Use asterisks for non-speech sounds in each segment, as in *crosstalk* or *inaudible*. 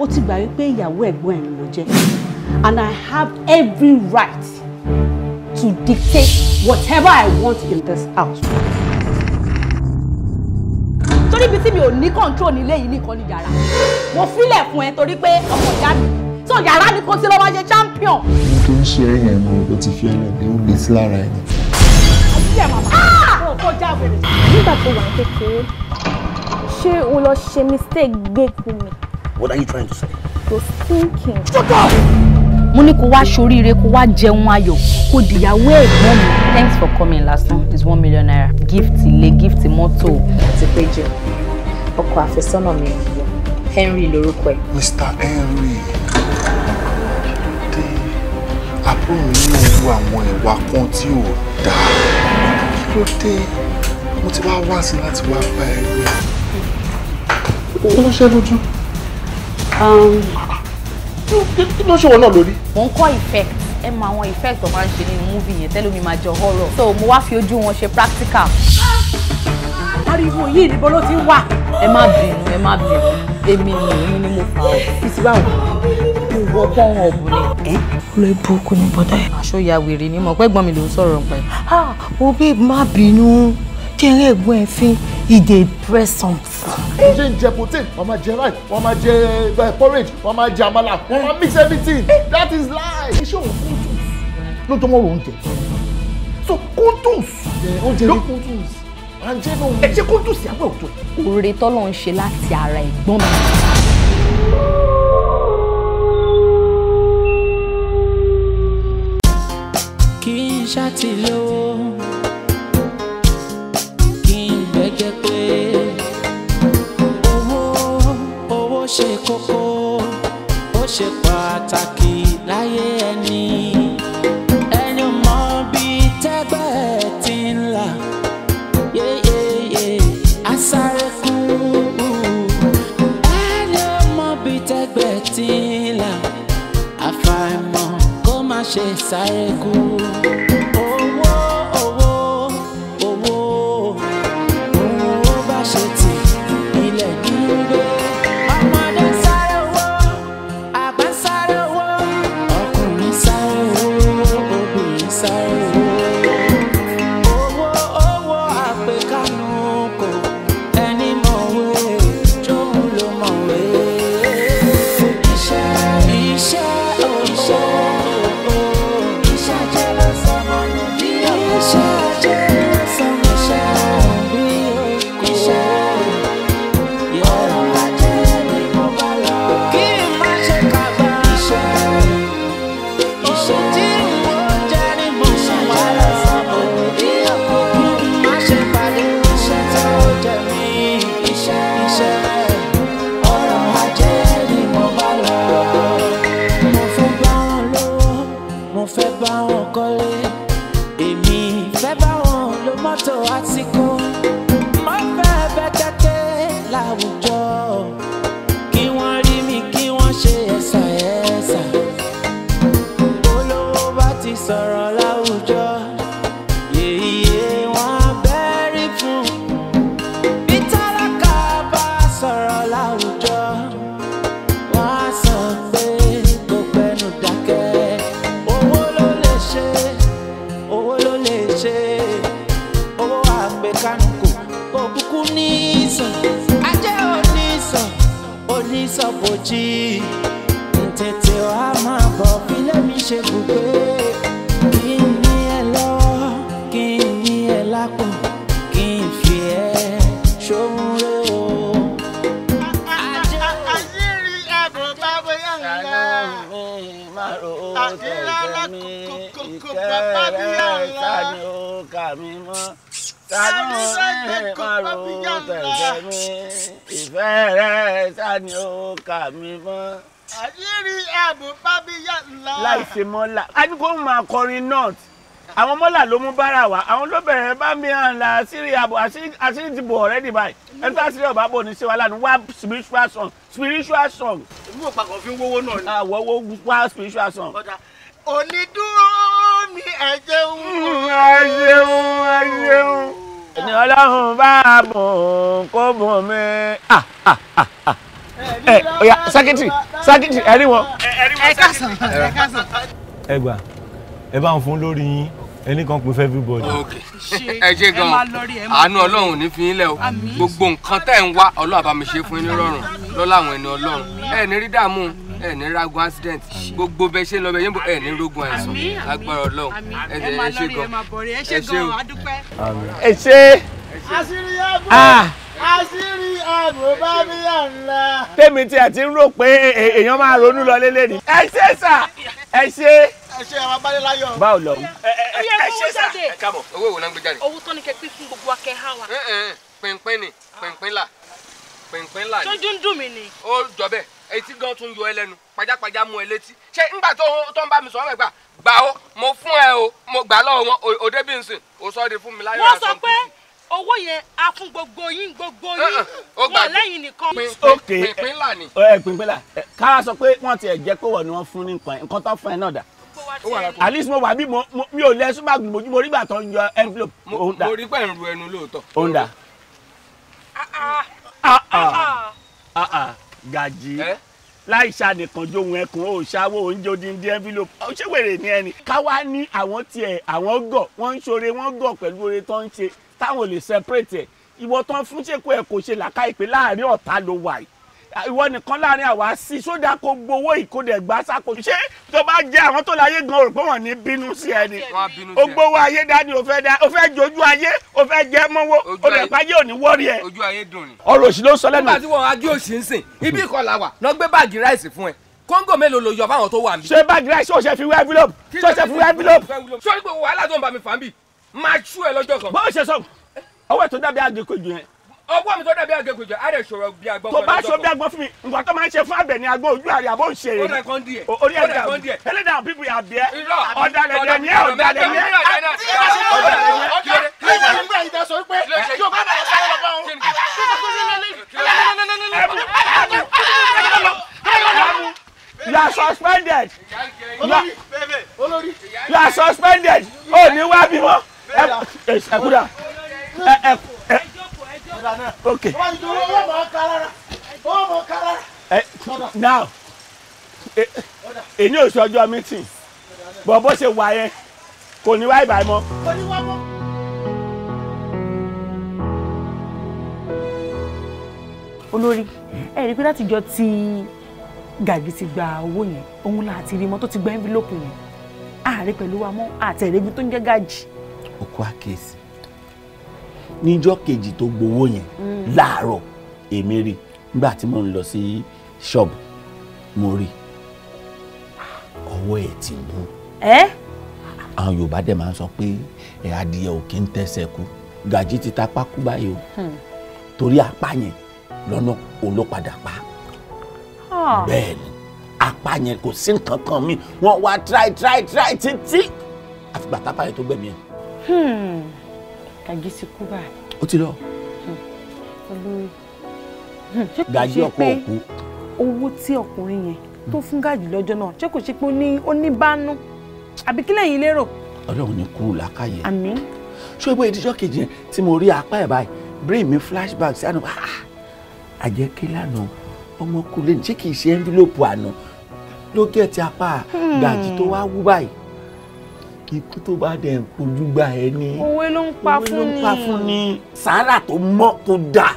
ó ti gbà wípé ìyàwó ẹ̀gbọ́n ẹ̀ ló jẹ́ and I have every right to dictate whatever I want in this house. torí ibi tí mi ò ní control nílé yìí nìkan ni yàrá mo fílẹ̀ fún ẹ torí pé ọmọ ìyá mi tó yàrá mi kó sí lọ́wọ́ ṣe champion. mo tó ń ṣeré yẹn mo ò ti fi ẹlẹ́gbẹ́ ó lè sí lára ẹni. àti ẹ̀ màmá ah! ó kọjá wèrè. nígbà tó wà kékeré ṣé o lọ ṣe mistake gbé kú mi. What are you trying to say? You're thinking. Shut up! Mo ní kó wá ṣoríire kó wá jẹun ayọ̀ kó dìyàwó ẹ̀gbọ́n mi. Thanks for coming last month. It's one million naira. Gift ilé gift mọ́tò. Àti péjọ, ọkọ àfẹ́sọ́nà mi Henry lorúkọ ẹ̀. Mr. Henry, dé àbúrò mi ní òru àwọn ìwà kan tí ò dáa. Kí ló dé? Mo ti wá wá sí láti wá bá ẹ Ó ń lójú kí um, ló ṣe wọn náà lórí. mò ń kọ́ effect ẹ mọ àwọn effect tó máa ń ṣe nínú múvì yẹn tẹ́lómi máa jọ horror so mo wá fi ojú wọn ṣe practical. ariwo yìí níbo ló ti wà. ẹ má bínú ẹ má bínú èmi ni èmi ni mo fà ọ títí báwo mo wọ pọ́n ọ̀bùn ni. olú ibùkún ni bọ́dá ẹ̀. aṣọ ìyá wèrè ni mo pẹ́ gbọ́n mi ló ń sọ̀rọ̀ nípa ẹ̀. ah o babe má bínú kẹrẹ ẹ̀gbọ́n ẹ ìdè present. ó ṣe ń jẹ protein wọn máa jẹ rice wọn máa jẹ eh, porridge wọn máa jẹ àmàlà wọn máa mix everything that is life. iṣẹ́ òun kún ló tó mọ́rọ̀ oúnjẹ so kúndùs. oúnjẹ ní kúndùs. àǹjẹ́ náà ẹ ṣe kúndùs yàgbẹ́ òjò. oore tọ́lọ́ ń ṣe láti ara ẹ̀gbọ́n mi. kì í ṣàtìlówó. dàpọ̀ kí n fi ẹ́ ṣòun rẹ o. ayé rí ẹ̀bùn bá bóyá ńlá àdínlá lákòókò bàbá bí mi ìfẹ́ rẹ̀ tani ó kà mí mọ́ àdínlá ẹ̀bùn bá bí àlá. láì ṣe mọ́ la a ní kó máa kọrin north àwọn mọ́là ló mú bára wa àwọn ló bẹ̀rẹ̀ bá mi hàn là àṣírí àbò àṣírí ìdìbò ọ̀rẹ́dì báyìí ẹni tó àṣírí ọ̀bá bò ní síwájú lánàá wá spiritual song spiritual song. ìlú òpapọ̀ fi ń wówó náà ni. àwọ̀ ah, wá spiritual song. onídùúró mi ẹ jẹun. Mm, ẹ jẹun ẹ jẹun. ẹni ọlọ́run bá a bùn kó bùn mi. Ah, ah, eh, ẹ ọ̀yà sákìtì sákìtì ẹ̀rí wọn. ẹ kásán ẹ kásán. ẹ gbà ẹ bá ń fún lórí yín ẹni kan pè fún everybody. ẹ ṣe gan àánú ọlọ́run ní fi yín lẹ o gbogbo nǹkan tẹ́ ń wá ọlọ́run àbámi ṣe fún yín nírọ̀rùn lọ́la àwọn ẹni ọlọ́run ẹ ní rí dààmú ẹ ní ragun accident gbogbo bẹ ṣe ń lọ bẹ yín ẹ ní rogun àìsàn agbára ọlọ́run ẹ ṣe gan ẹ ṣe gan ẹ ṣe. àṣírí yá bọ̀ àṣírí àgùnbábíyà ńlá. tèmi tí a ti ń rò pé e-, e-, èèyàn máa ronú lọ lélẹ̀ ni. ẹ ṣe sà ẹ ṣe. ẹ ṣe àwọn abáléláyọ. báwo lọ. ẹ ṣe sà ẹ káàbọ̀. owó ìwòlá ń gbé jáde. owó tó ní fún gbogbo akẹ́hà wa. pínpín ni pínpín là pínpín là ni. tó dúndùn mi ni. ó jọ bẹ́ẹ̀ etí gan tún yọ ẹ lẹ́nu pajápajá mú ẹ létí ṣé nígbà tó ń bá mi sọ̀rọ̀ ẹ̀gbà gbà ó mo fún ẹ o mo gbà lọ́wọ́ wọn òde bí n sìn ò sọ́ di fún mi láyọ̀ àtọ́kùn sí owó yẹn a fún gbogbo yín gbogbo yín eh, eh, wọn lẹ́yìn nìkan. ok ẹ pínpínlà eh, ká sọ pé wọ́n ti ẹ̀ jẹ́ pé ni wọ́n fún ní nǹkan nǹkan tó fún ẹ náà dà at mo wà bí mi ò lẹ súpà gbìmọ̀ mo rí gbà tó ń yọ envelope. mo rí pẹ̀ ń ẹnu lóòótọ́. ó dà. Ah, ah. ah, Gaji. Eh? láì ṣànìkànjó ohun ẹkùn ó ṣàwó oúnjẹ odindi envelope ó ṣe wèrè ní ẹni káwá ní àwọn tiẹ̀ àwọn gọ̀ wọ́n ń ṣoore wọ́n gọ̀ pẹ̀lú oore tó ń ṣe táwọn ò lè separate ẹ̀ ìwọ tán fún ṣèkó ẹ̀ kò ṣe làkà ìpè láàrin ọ̀tá ló wà yìí ìwọ nìkan láàrin àwa sí sódà kò gbowó ìkódẹ̀ gbà sáko ṣé tó bá jẹ́ àwọn tó láyé gan òrùpọ̀ wọn ní bínú sí ẹ ni ó gbowó ayé dání ó fẹ́ dá ó fẹ́ jojú ayé ó fẹ́ jẹ́ mọ́wó ó lè pàjẹ́ òní wọ́ọ̀rì ẹ. ojú ayé dùn ni. ọ̀rọ̀ òsì ló sọ lẹ́nu. nígbà tí wọn agé òsì ń sìn ibi ìkọlà wà lọ gbé báàgì ráìsì fún ẹ kóńgò mélòó ló yọ fáwọn tó wà níbí. ṣé báàgì ráìsì ṣọṣẹ fi wá envelope ṣọṣẹ fi wá envelope. sọ ọwọ́ mi tó dàbí àgẹ́gùjọ á lè ṣòro bí agbọ́n. tó bá ṣo bí agbọ́n fún mi nǹkan tó máa ń ṣe fún àbẹ̀ ni agbọ́n ojú àrẹ àbọ̀ ń ṣe é. ó lè ẹlẹ́dàá bíbí àbíẹ́ ọ̀dàlẹ̀ ni ẹ ọ̀dàlẹ̀ ni You are suspended. You are suspended. ó ní wá bímọ. ẹ kúrò ok. now eh, eh, èyí ò sọjọ́ meeting bọ̀ bó ṣe wà yẹn kò ní wá ìbàmọ́. kò ní wá mọ́. olórí ẹ rí i pé láti jọ tí gàgì ti gba owó yẹn òun là ti rí mọ tó ti gba envelope yẹn ààrẹ pẹ̀lú wa mọ́ àtẹ̀rẹ́bí tó ń jẹ́ gàjì. òkú àkèésí níjọ́ kejì tó gbowó yẹn mm. láàárọ̀ èmi rí nígbà tí mo ń lọ sí ṣọ́ọ̀bù mo rí ọwọ́ ẹ̀ ti bú. àwọn Yorùbá dẹ̀ máa ń sọ pé ẹ̀ adìyẹ ò kí ń tẹ̀sẹ̀ kú gàjí ti ta pákú báyìí o hmm. torí apá yẹn lọ́nà olópadà pa ah. bẹ́ẹ̀ ni apá yẹn kò sí nǹkan kan mi wọ́n wá try try try títí àfìgbà tápá yẹn tó gbẹ̀mí ẹ̀. Hmm gàjí ti kú báyìí. ó ti lọ. olórí gàjí ọkọ òkú. owó tí ọkùnrin yẹn tó fún gàjí lọ́jọ́ náà ṣé kò ṣe pé ó ní bánú àbí kílẹ̀ yìí lérò. ọlọ́run ní kúrò lákàyè. àmín. ṣé ìbò ìdíjọ́ kejì yẹn tí mo rí apá ẹ̀ báyìí brain mi flashback sí àná ah, àjẹkẹ́ lánàá ọmọkùnrin ṣé kì í ṣe envelope àná ló gẹ̀ ti apá hmm. gàjí tó wá wú báyìí ikú tó bá dẹ̀ ń kojú gba ẹ ní. òwe ló ń pa fún ni òwe ló ń pa fún ni sàárà tó mọ́ tó dà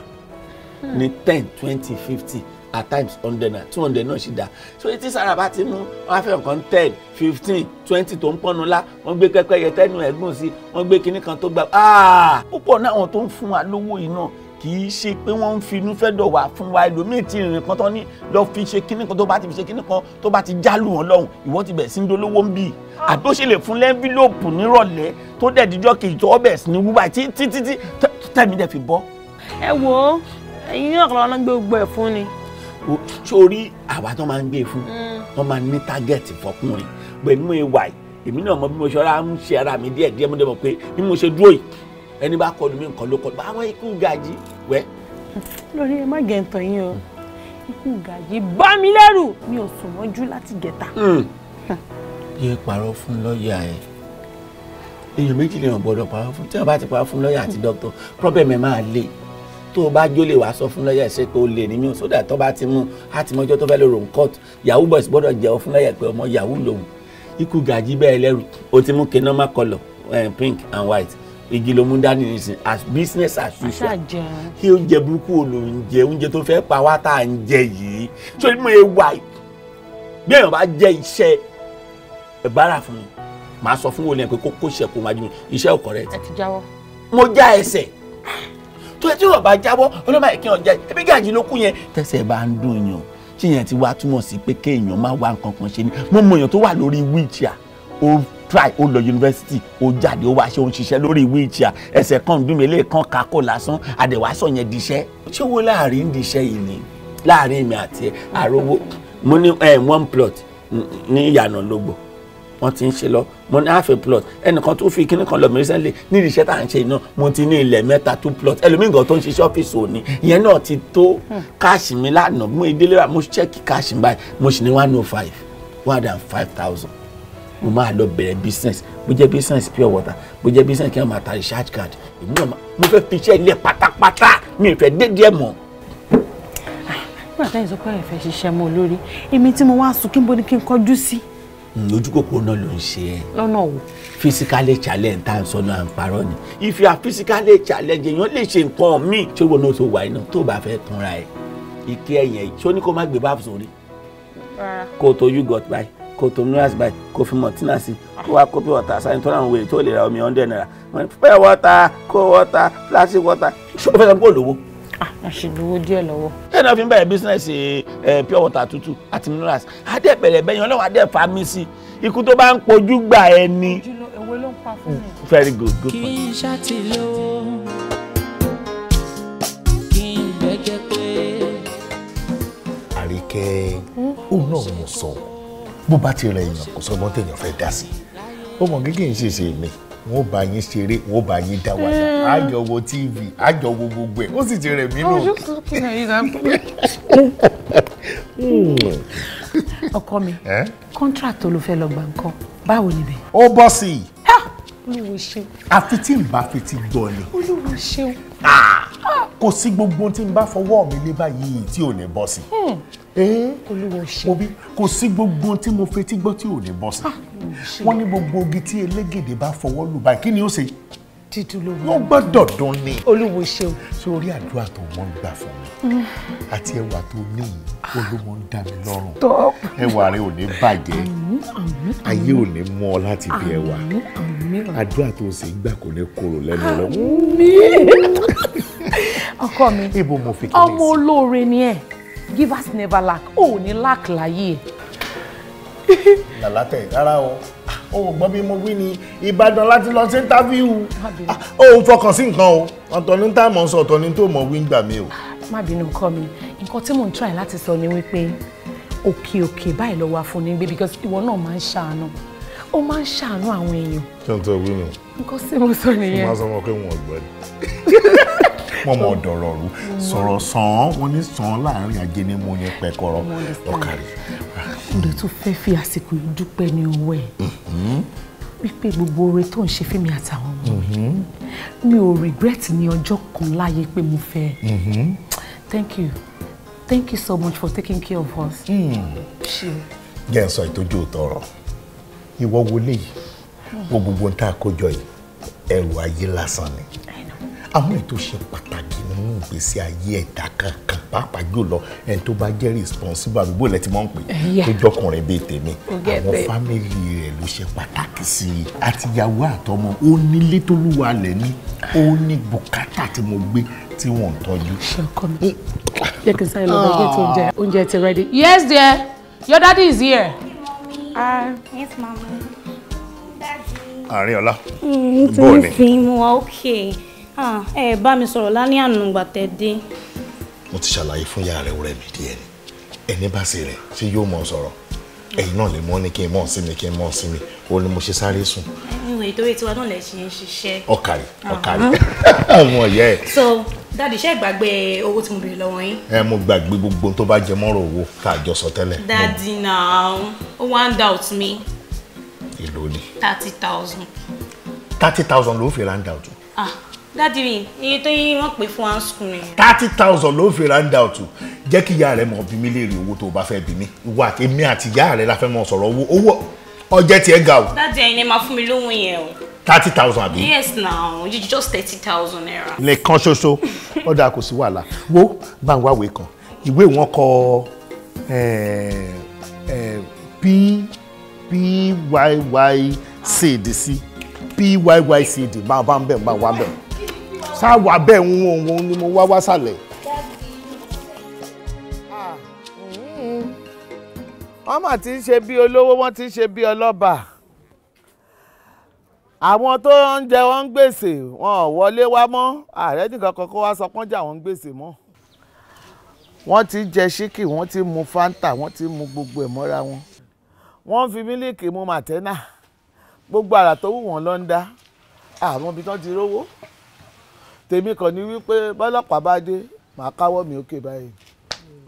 ní ten twenty fifty at times hundred na two hundred náà ṣì dá so etí sára bá ti mú wọn fẹ́ nǹkan ten fifteen twenty tó ń pọ́nu lá wọ́n gbé kẹ́kẹ́ yẹ tẹ́nu ẹ̀gbọ́n sí wọ́n gbé kinní kan tó gbà á ah! púpọ̀ náà àwọn tó ń fún wa lówó yìí náà kì í ṣe pé wọ́n ń finú fẹ́ dọ̀ wá fún wa ẹlòmíì tí ìrìn kan tán ní lọ fi ṣe kíní kan tó bá ti fi ṣe kíní kan tó bá ti jálù wọn lọ́hùn ìwọ ti bẹ̀ sí ń dolówó ń bì í àbí lè fún lẹ́ńfílòpù nírọ̀lẹ́ tó dẹ̀ díjọ́ kejì tó ọbẹ̀ sí ní wúwa títí títí tẹ̀mí dẹ̀ fi bọ́. ẹ wo ẹyin náà kọ́ lọ́nà ẹ̀ fún ni. sórí àwa tó máa ń gbé e fún wọn mm. máa ní tágẹ́ẹ̀tì fọkùnrin pẹ̀lú ìwà èmi náà mọ bí mo ṣe ara ń ṣe ara mi díẹ̀díẹ̀ mo dẹ̀ mọ̀ pé bí mo ṣe dúró yìí ẹni bá kọlu mi nǹkan ló kọlu àwọn ikú gàjí wẹ́. lórí ẹ má gẹ̀ǹtàn yín o ikú gàjí bá mi lẹ́rù mi ò sùn mọ́jú láti gẹ̀ta. Hmm. yé parọ́ fún lọ́ọ̀yà ẹ̀ èèyàn méjì lèèyàn gbọ́dọ̀ parọ́ fún tí wọ́n bá ti parọ́ fún lọ́ọ̀yà àti dókítà problem ẹ̀ máa le tó o bá jólè wàá sọ fún lọ́ọ̀yà ṣe pé o lè ní mí o sódà tó bá ti mú a ti mọjọ́ tó fẹ́ lò ròn court yahoo boys gbọ́dọ̀ jẹ́wọ́ fún lọ́ọ̀yà pé ọmọ yahoo lòun ikú gàjí bẹ́ẹ̀ lẹ́rù o ti mú kinoma colour eh, pink and white igi ló mú dání nísìn as business as usual kí oúnjẹ burúkú olò ń jẹ oúnjẹ tó fẹ́ pa wá tá à ń jẹ yìí so mo ye wa bí èèyàn bá jẹ iṣẹ́ ẹ bára fún mi màá sọ fún wòlíyàn pé kó kó ṣe kó máa ju iṣẹ́ ò correct. ẹ ti jáwọ́. mo já ẹsẹ̀ tó ẹ tí yóò bá jáwọ́ ọlọ́mọ ẹ̀kí ọ̀já ẹbí gàjí ló kú yẹn tẹ̀sẹ̀ bá ń dùn yàn tí yẹn ti wá túmọ̀ sí pé kéèyàn má wá nǹkan kan ṣe ni mo mọ èèyàn tó wà lórí wheelchair try ó lọ yunifásitì ó jáde ó wá ṣe ó ń ṣiṣẹ́ lórí wheelchair ẹsẹ̀ kan dùn mí lè kàn kakó lásán àdẹ̀wàsọ yẹn diṣẹ́ ṣé owó láàrin ń diṣẹ́ yìí ni láàrin mi àti ẹ àròwó mo ní eh, one plot ní ìyànà lógbò wọ́n ti ń ṣe lọ mo ní half a plot ẹnìkan tó fi kíní kan lọ mi recently ní ìdíṣẹ́ tá à ń ṣe iná mo ti ní ilẹ̀ mẹ́ta two plot ẹlòmíǹgàn tó ń ṣiṣẹ́ ọ́fíìsì òní ìyẹn náà ti tó káàṣì mi lánàá mo ìdílé wa mo ṣẹ́ẹ̀kì káàṣì báyìí mo sì ní one oh five one hundred and five thousand mo máa lọ bẹ̀rẹ̀ business bó jẹ́ business pure water bó jẹ́ business kí wọ́n máa ta recharge card èmi náà mo fẹ́ fi iṣẹ́ ilẹ̀ pátápátá mi fẹ́ dédé ẹ̀ mọ́. nígbà táyì sọ pé ẹ fẹ́ ṣiṣẹ́ mọ́ olórí èmi tí mo wá sùn kí n bọ́ ni kí n kọjú sí. lójú hmm, kòkòrò náà ló ń ṣe ẹ. lọ́nà wo. physically challenge tá à ń sọ náà ń parọ́ ni if you are physically challenge èèyàn lè ṣe nǹkan míì ṣé wọn náà tó wà iná tó bá fẹ́ tanra ẹ ike ẹ̀yẹ̀ ṣó ní kó má gbé báàbù sórí kó o tó you got bye kó tó minerals báyìí kó fi mọ̀tínà sí kó wá kó bí sáyẹn tó ráhùn wèrè tó lè ra omi hundred naira fẹ́ wọ́ta kó wọ́ta plastic wọ́ta ṣó fẹ́ sọ pé olówó. a ah, ṣì lówó díẹ̀ lọ́wọ́. ẹ náà fi ń bẹ̀rẹ̀ bísínẹ́sì pure water tútù àti minerals adé pẹ̀lẹ́ bẹ́yìn ọlọ́wọ́ adé fa mí sí ikú tó bá ń pojú gbà ẹni. owó ló ń pa fún mm, very good good point. kì í àríkẹ́ hmm? ó náà mọ̀ sọ̀rọ̀ bó bá ti rẹ èèyàn kò sọgbọ́n téèyàn fẹ́ dá sí ó mọ̀ gígé ṣe ṣe mi wọn ò bá yín ṣeré wọn ò bá yín dá wáyà àjọ hmm. wo tv àjọ wo gbogbo ẹ ó sì ti rẹ mí lò. Oh, hmm. ọkọ mi contract olùfẹ́ lọ gbà nǹkan báwo ni bẹ́ẹ̀. ó bọ́ sí i. olúwo ṣeun. àfi tí n bá fi ti gbọ́ ni. olúwo ṣeun. Ah! kò sí gbogbo tí n bá fọwọ́ mi lé báyìí tí ò ní bọ́ sí i. Hmm. Eh? òbí kò sí gbogbo tí mo fetí gbọ́ tí ò ní bọ́ sí ah, wọ́n ní gbogbo ogi tí elégèdè bá fọwọ́ lù báyìí kí ni ó ṣe títú ló wọ́n gbọ́dọ̀ dùn ni olúwo ṣeun sórí àdúrà tó wọ́n gbà fún mi àti ẹwà tó ní olúmọ ń dá mi lọ́rùn ẹwà rẹ ò ní bàjẹ́ ayé ò ní mú ọ láti bí ẹwà àdúrà tó ṣe gbà kò ní korò lẹ́nu rẹ. *laughs* ọkọ mi ọmọ olóore ni ẹ givers never lack ó ní lack láyé. làlátẹ̀ rárá o ah, o gbọ́ bí mo wí ni ìbàdàn láti lọ sí íńtáfíù ah, o fọkàn sí nǹkan o ọ̀tọ̀ ní tá mọ̀ sọ ọ̀tọ̀ ní tó mọ̀ wí ń gbà mí o. má bínú nǹkan mi nǹkan tí mò ń try láti sọ ni wípé òkè òkè báyìí lọ wá fún ni gbé because ìwọ náà máa ń ṣàánú ó máa ń ṣàánú àwọn èèyàn. kí n tó wí nù. nǹkan tí mo sọ nìyẹn. mo máa sọ wọn pé wọn ò gbọ́ *laughs* wọ́n mọ dọ̀rọ̀ rú sọ̀rọ̀ sàn wọ́n ní sàn láàrin àjẹnimú yẹn pẹ̀kọ̀rọ̀ ọ̀kàrí. mo lè tún fẹ́ fi àsìkò yìí dúpẹ́ ní owó ẹ̀ mm-hmm. wípé gbogbo oore tó ń ṣe fún mi àtàwọn ọmọ mi mm-hmm. mi ò regret ní ọjọ́ kan láyé pé mo fẹ́ mm-hmm. thank you thank you so much for taking care of us. Hmm. jẹ́ ẹ sọ ìtọ́jú òtọ̀rọ̀ ìwọ wọlé yìí wọ gbogbo ohun tá a kó jọ yìí ẹrù ayé lásán ni àwọn ètò ṣe pàtàkì nínú ìgbésí ayé ẹ̀dá kankan pàápàá jùlọ ẹni tó bá jẹ́ responsible àdúgbò lẹ́tí mọ́ ń pè eh, tó jọkùnrin bíi tèmi àwọn fámìlì rẹ̀ ló ṣe pàtàkì sí i àtìyàwó àtọmọ ó nílé tó lúwa lẹ̀ ní ó ní bùkátà tí mo gbé tí wọ́n ń tọ́jú. ṣọkọ mi jẹ́ kí n sáré lọ bá tó oúnjẹ oúnjẹ ti ready. yes dear your daddy is here. Uh, yes mommy. Ariola. Mm, bọ́ọ̀ni. mo Okay. Ah, ẹ bá mi sọ̀rọ̀ lálẹ́ ànúgbà tẹ́ dé. mo ti ṣàlàyé fún yàrá rẹ mi díẹ̀ ni ẹni bá ṣe rẹ ṣé yóò mọ sọ̀rọ̀ ẹ̀yin náà lè mọ ní kí n mọ sí mi kí n mọ sí mi ó ní mo ṣe sáré sùn. ìwé ìtòwé tiwa náà lè ṣe ń ṣiṣẹ́. ọkàrí ọkàrí *laughs* àwọn ọ̀yẹ́ so dáàdì iṣẹ́ ìgbàgbé owó tí mo béèrè lọ́wọ́ yín. ẹ mo gbàgbé gbogbo tó bá jẹ mọ́rọ̀ owó tá a jọ sọ tẹ́lẹ̀. dáàdì náà ó wá doubt mi. èló ni. thirty thousand. thirty thousand ló fi ra out? ah dádì mi iye tó yí wọn pè fún one ni. thirty thousand ló fi round out jẹ́ kí ìyá rẹ̀ mọ̀ bí mi léèrè owó tó o bá fẹ́ bí mi wà èmi àti ìyá rẹ̀ la fẹ́ mọ̀ sọ̀rọ̀ owó owó ọjẹ́ tiẹ̀ ga o. dádì ẹ̀yin máa fún mi lóhùn yẹn o. thirty thousand àbí. yes now you just thirty thousand naira. nìkan ṣoṣo ó kò sí wàhálà wo gbàǹgbà wèé kan ìwé wọn kọ p eh, eh, p y y c d c p y y c d máa bá ń bẹ̀ máa wá ń bẹ̀ sáwà bẹ́ẹ̀ ń wọ̀n wọ́n ni mo wá wá sàlẹ̀. wọ́n mà ti ń ṣe bí olówó wọ́n ti ń ṣe bí ọlọ́ba àwọn tó ń jẹ wọn ń gbèsè wọn ò wọlé wá mọ́ ààrẹ nìkan kan kó wá sọ pọ́n jà wọ́n ń gbèsè mọ́ wọ́n ti jẹ ṣíkì wọ́n ti mu fanta wọ́n ti mu gbogbo ẹ̀ mọ́ra wọn wọ́n fi mílíìkì mu màtẹ́nà gbogbo àrà tó wù wọ́n ló ń ibi tán ti rówó tèmi kàn ní wípé bọ́lọ́pàá bá dé màá káwọ́ mi òkè báyìí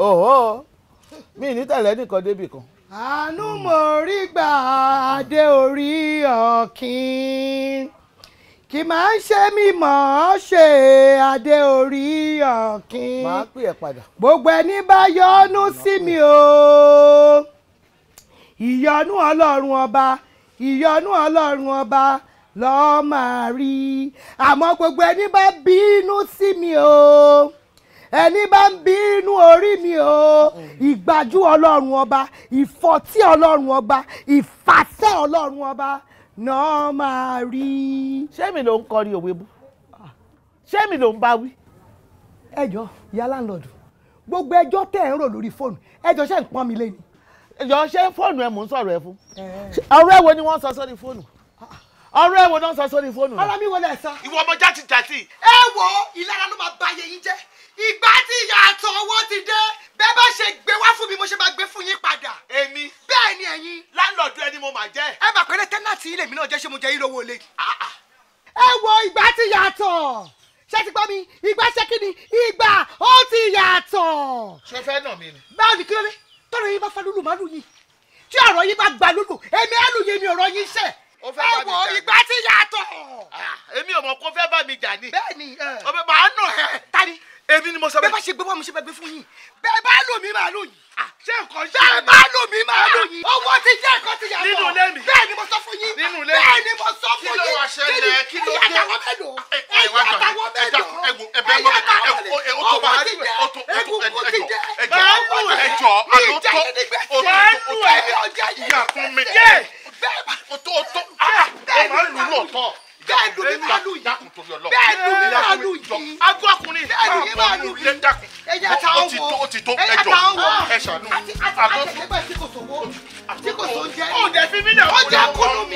òhó mi ní tẹ̀lé nìkan débì kan. àánú mo rí gbà dé orí ọ̀kìn kì máa ń ṣe mí mọ̀ ọ́ ṣe adé orí ọ̀kìn. gbogbo ẹni bá yọ́nú sí mi o ìyọ́nú ọlọ́run ọba ìyọ́nú ọlọ́run ọba lọ́ọ́ máa rí àmọ́ gbogbo ẹni bá bínú sí mi o ẹni bá ń bínú orí mi o ìgbájú ọlọ́run ọba ìfọ̀tí ọlọ́run ọba ìfàṣẹ ọlọ́run ọba náà máa rí. ṣé mi ló ń kọrin òwe bú ṣé mi ló ń bá wí. ẹ jọ yálà ńlọdún gbogbo ẹjọ́ tẹ ẹ ń rò lórí fóònù ẹjọ́ ṣe ń pọn mi lẹ́nu. ẹjọ́ ṣé fóònù ẹ mò ń sọ̀rọ̀ ẹ fún. ọ̀rọ̀ ẹ wo ni wọ́n sọ sórí fóònù ọ̀rọ̀ ẹ wo náà sọ sórí fóònù rẹ. ọ̀rọ̀ mi wọlé ẹ sọ. ìwọ ọmọ jáde jáde. ẹ wo ìlara ló máa ba ayé yín jẹ ìgbà tí ìyá àtọ̀ owó ti dé bẹ́ẹ̀ bá ṣe gbé wá fún mi mo ṣe máa gbé fún yín padà. èmi. bẹ́ẹ̀ ni ẹ̀yin. láńlọ́ọ̀dù ẹni mo máa jẹ́. ẹ bà pé tẹ́nàtì ilé mi náà jẹ́ ṣé mo jẹ́ yín lówó ilé. Ah, ah. ẹ wo ìgbà tí ìyá àtọ̀ ṣé ti gbọ́ mi ìgbà ṣe kí ni ìgbà ó ti yàtọ̀. ṣé fẹ́ nà mí ni. báwo ni kí ló dé tọ́rọ yín bá fa lulu má lù yín tí ọ̀rọ̀ yín bá gba lulu èmi á lù ọ̀rọ̀ yín ṣẹ̀ ó fẹ́ bá mi jà ní. ẹ wo ìgbà tí yàtọ̀. èmi ò mọ̀ kó fẹ́ bá mi jà ní. bẹ́ẹ̀ni ẹ. ọbẹ̀ màá nà ẹ. tani èmi ni mo sọ bẹ́ẹ̀. bẹ́ẹ̀ bá ṣe gbé wá mo ṣe bẹ́ẹ̀ gbé fún yín. bẹ́ẹ̀ bá lò mí màá lò yín. ṣé nǹkan ṣe é. bẹ́ẹ̀ bá lò mí màá lò yín. owó ti jẹ́ nǹkan ti yàtọ̀. nínú ilé mi. bẹ́ẹ̀ mo sọ fún yín. nínú ilé mi. bẹ́ẹ̀ mo sọ fún yín. kí ló wá ṣẹlẹ̀ kí ló dé. ẹ̀yà àtàwọn bẹ́ẹ̀ lò. ẹ̀yà àtàwọn bẹ́ẹ̀ lò. ẹ̀bẹ̀ mọ́ bẹ́ẹ̀ o tó bá a dùn o tó o tó ẹjọ́ ẹjọ́ àlọ́ tó o tó ìyá fún mi lóòótọ́ bẹ́ẹ̀ ló ní màálù yìí bẹ́ẹ̀ ló ní màálù yìí agó ọkùnrin bẹ́ẹ̀ ló ní màálù yìí ẹ̀yà ta ó wo ó ti tó ẹ̀yà ta ó wo ẹ̀ ṣàánú àgọ́ àtẹ̀lẹ́gbẹ̀ tí kò sówó tí kò só jẹ́ ó dẹ̀ fi mí lẹ̀ ó mi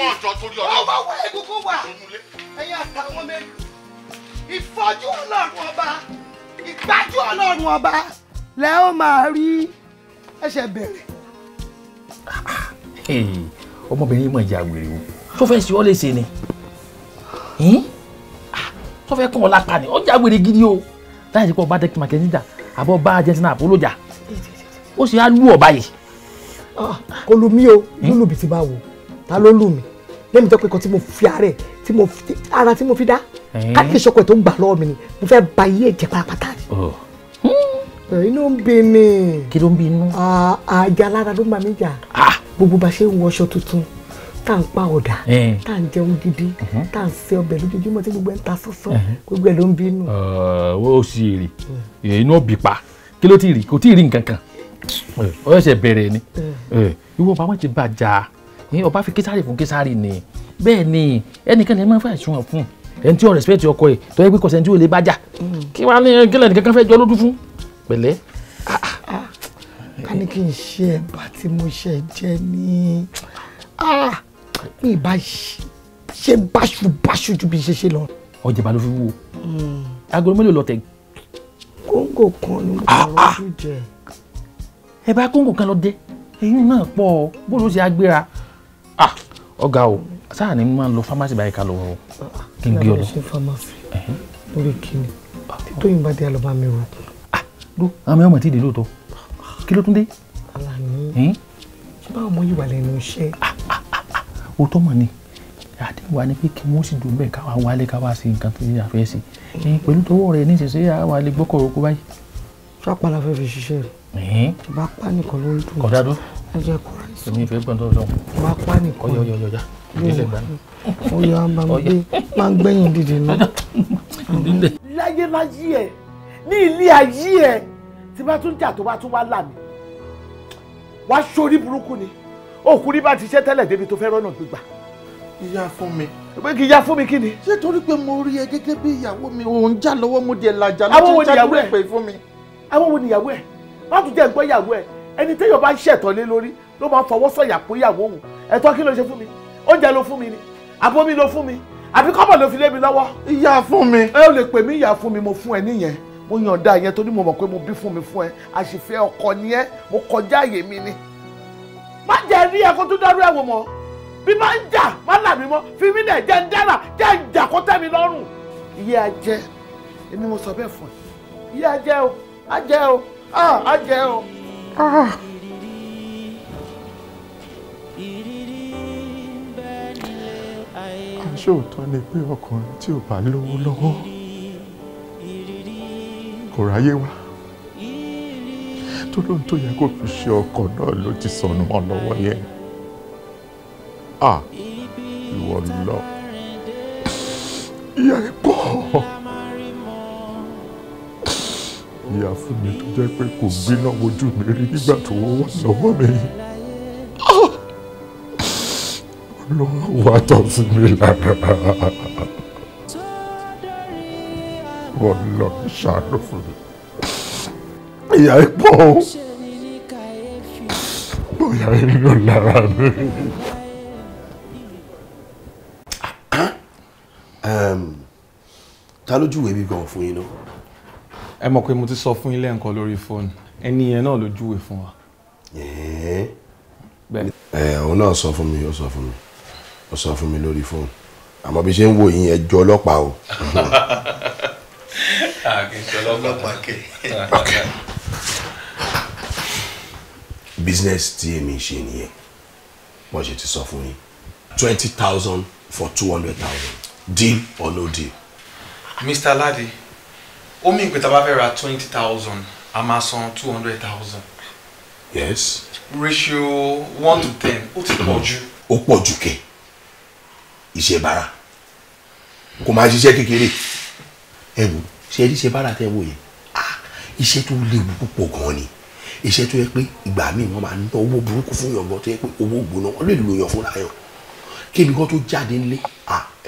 ó bá wá egungun wà ẹ̀yà ta wọ́n mẹ́lú ìfọ́jú ọba ìgbájú ọlọ́run ọba lẹ́ ó máa rí ẹsẹ̀ bẹ̀rẹ̀. ọmọbìnrin mọ̀ ìyá wèrè o tó fẹ́ ṣe ọ́ lè ṣe ni. Ah, wọ́n fẹ́ kún ọ lápá ni ọjà wèrè gidi o láì sí pé ọba dẹ́kun màkẹ́ níjà àbọ̀ bá Argentina àbólójà ó sì á lù ọ̀bá yìí. Ah, kò lù mí o lùlù bìtì bá wò ta ló lù mí lẹ́mi tó pé kan tí mo fi ara ẹ̀ tí mo fi ara tí mo fi dá káàkiri sọkọ ẹ̀ tó ń gbà lọ́wọ́ mi ni mo fẹ́ ba iye ẹ̀jẹ̀ pátápátá ni. Oh. Hmm. inú ń bí mi. kí ló ń bí inú. Ah, àjà lára ló máa mi jà gbogbo bá ṣe ń wọṣọ tuntun tá n pa ọ̀dà tá n jẹun gidi tá n ṣe ọbẹ̀ lójoojúmọ́ tí gbogbo ẹ̀ ń ta sọ́sọ́ gbogbo ẹ̀ ló ń bínú. ó sì èrè inú òbí pa kí ló ti rí kò tí ì rí nǹkan kan ó ṣẹ̀ṣẹ̀ bẹ̀rẹ̀ ni ìwọ bá wọn ti ọba fi kísàrì fún kísàrì ni bẹ́ẹ̀ ni ẹnìkan ni ẹ máa ń fà ìṣúná fún ẹni tí ó respect ọkọ ẹ tó yẹ pé kọsẹ̀ ní tí ó lè bá jà mm. kí wàá ní kílẹ̀ nìkan kan fẹ́ jọ lójú fún pẹ̀lẹ́. Ah, ah. ká ní kí n ṣe ẹ̀bà tí mo ṣe jẹ ní ní ìbáyìí ṣe báṣubàṣu ju bí ṣe ṣe lọ. ọ̀jẹ̀bà ló fi wúwo hmm. agolo mélòó lọ tẹ̀. kóńgò kan ni mo kàn ah, lọ́dún ah. jẹ. ẹ bá kóńgò kan lọ dé eyín náà pọ̀ ọ́ bó ṣe agbéra. Ah, ọ̀gá o sáà ni mo máa ń lọ fámásì báyìí ká lọ wọ kí n gbé ọ lọ. kí n fámásì lórí kíni títọ́ yìí bá dé àlọ́bá mi rò. àmì ọmọ tí ì dé lóòótọ́ kí ló tún dé. alani ṣé báwo mo yìí wà lẹ́nu iṣẹ́ o tó mọ̀ ni àdéhùn wa ni pé kí wọ́n sì dùn bẹ́ẹ̀ káwa wálé káwa sí nǹkan tó yà fẹ́ sí i pẹ̀lú tọwọ́ rẹ ní ìsinsìnyí àwa lè gbọ́kọ̀ òkú báyìí. sọ́pàá la fẹ́ fi ṣiṣẹ́ rẹ̀ tó bá pa nìkan ló ń dùn kọ́ dádó ẹ jẹ́ kó rẹ̀ sí. èmi ìfẹ́ gbọ́n tó sọ. bá pa nìkan ọyọ ọyọ ọyọ ilé ìgbà ni. ọyọ máa ń gbẹ́yìn dìde lọ. láyé láyé ẹ ní ilé ayé ẹ tí bá tún jà òkúrí bá ti ṣẹ́ tẹ́lẹ̀ débi tó fẹ́ rọ́nà gbígbà. ìyá fún mi. pé kí ìyá fún mi kí ni. ṣé torí pé mo rí ẹ gẹ́gẹ́ bí ìyàwó mi òun já lọ́wọ́ mo jẹ làjà ló ti já lórí pé fún mi. àwọn wo nìyàwó ẹ má tún jẹ́ gbọ́ ìyàwó ẹ ẹni téèyàn bá ń ṣẹ̀tọ́ lé lórí ló máa ń fọwọ́ sọ̀yà pé ìyàwó òun ẹ̀tọ́ kí ló ṣe fún mi oúnjẹ ló fún mi ni àbomi ló fún mi àbí kọ́bọ̀ ló fi lé mi lọ́wọ́. ìyá fún mi. ẹ ò lè pè mí ìyá fún mi mo fún ẹ nìyẹn mo yàn dá yẹn torí mo mọ̀ pé mo bí fún mi fún ẹ àṣìfẹ́ ọkọ ni ẹ mo kọjá àyè mi ni má jẹ́ rí ẹkọ tó dárú ẹ̀ wò mọ́ bí má ń jà má là mí mọ́ fi mí lẹ̀ jẹ́ ń dára jẹ́ ń jà kó tẹ́ mi lọ́rùn. iye ajẹ́ èmi mo sọ bẹ́ẹ̀ fún ẹ iye ajẹ́ o ajẹ́ o ajẹ́ o. àṣòótọ́ ni pé ọkùnrin tí ò bá lówó lọ́wọ́ kò ráyé wá tó lóhun tó yẹ kó fi ṣe ọkọ̀ náà ló ti sọnù mọ́ lọ́wọ́ yẹn à ìwọ lọ ìyá ipò ìyá fún mi tó jẹ́ pé kò gbiná wojú mi rí nígbà tó wọ́n lọ́wọ́ mi ọlọ́run wà tọ́ sí mi lára wọ́n lọ ṣàánú fún mi ìyá ẹ pọ̀ o bóyá inú lára mi. ta ló júwèé bí gan fún yín náà. ẹ mọ̀ pé mo ti sọ fún yín lẹ́ẹ̀kan lórí fóònù ẹni yẹn náà ló júwèé fún wa. ẹ òun náà sọ fún mi ó sọ fún mi ó sọ fún mi lórí fóònù àmọ́ bí ṣe ń wò yín ẹ ọlọ́pàá o. *laughs* Ah, kì í business tí èmi ṣe nìyẹn wọ́n ṣe ti sọ fún yín twenty thousand for two hundred thousand deal or no deal. Mr. Ladi Omi mí ìpè tá fẹ́ ra twenty thousand a máa san two hundred thousand. yes. ratio one to ten ó ti pọ̀ jù. ó pọ̀ jù kẹ́ iṣẹ́ bára kò máa ṣiṣẹ́ kékeré ẹ wò ṣe é ṣe bára tẹ́ wò yẹn ah, iṣẹ́ tó léwu púpọ̀ gan-an ni iṣẹ́ tó yẹ pé ìgbà míì wọ́n máa ń ná owó burúkú fún yọ̀ǹgàn tó yẹ pé owó gbóná wọ́n lè lò yàn fúnra yàn kébi kan tó jáde ńlé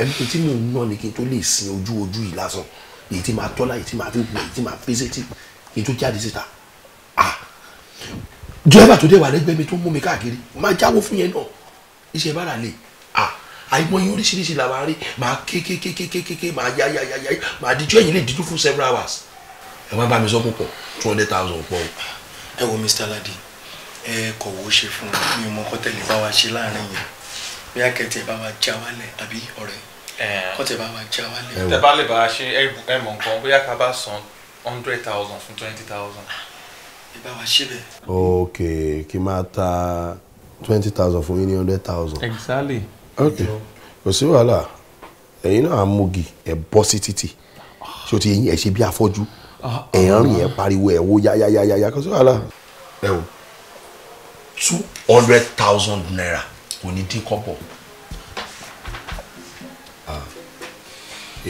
ẹni tí mò ń ná ni kí n tó lè sin ojú ojú yìí lásán èyí tí máa tọ́lá èyí tí máa fi wọ èyí tí máa fi sétí kí n tó jáde síta dírẹ́bà tó dé wà lẹ́gbẹ̀ẹ́ mi tó mú mi káàkiri máa jáwọ́ fún yẹn náà iṣẹ́ bára lè àìmọye oríṣiríṣi làwọn arí máa kékékékékéké máa yá yá yá yá máa díjú ẹ̀yìn lè díjú fún several hours ẹ má bá mi sọ púpọ̀ two hundred thousand pọ̀ o ẹ wo Mr. Ladi ẹ kọ̀ wo ṣe fún mi mọ kọ́tẹ́lì bá wa ṣe láàrin yẹn bí akẹ́tẹ̀ bá wa já wálẹ̀ àbí ọ̀rẹ́ kọ́tẹ̀ bá wa já wálẹ̀. tẹ bá lè bá a ṣe ẹ mọ nǹkan bóyá ká bá san hundred thousand fún twenty thousand. Ah, ẹ bá wa ṣe bẹ́ẹ̀. ok kí n máa ta twenty thousand fún yín ní hundred thousand. exactly. ok kò sí wàhálà ẹ̀yin náà àmúgi ẹ̀ bọ́ sí títì ṣé o ti yẹ ẹ̀ ṣe bí afọ́jú ẹ̀rín yẹn pariwo ẹ̀ wo yáyáyáyá kò sí wàhálà. ẹ o two hundred thousand naira kò ní dín kọ́pọ̀. Ah,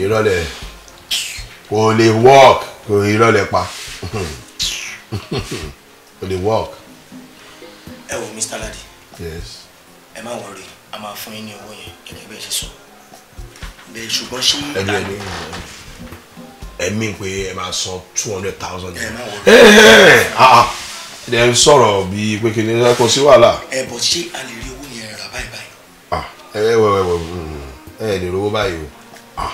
ìrọ̀lẹ́ kò lè work kò ìrọ̀lẹ́ pa *laughs* kò lè work. ẹ wo Mr. Ladi. yes. ẹ má wọrí a máa fún yín ní owó yẹn gẹ́gẹ́ bí ẹ ṣe sọ bẹ́ẹ̀ ṣùgbọ́n ṣé. ẹ bí ẹ bí ẹ ẹ̀mí pé ẹ máa san two hundred thousand naira ah, ah. ẹ ń sọ̀rọ̀ bíi pé kí ni ẹ kò sí wàhálà. ẹ bọ̀ ṣé a lè rí owó yẹn rà báyìí báyìí. Ah, ẹ ẹ wẹ wẹ wẹ ẹ lè rówó báyìí o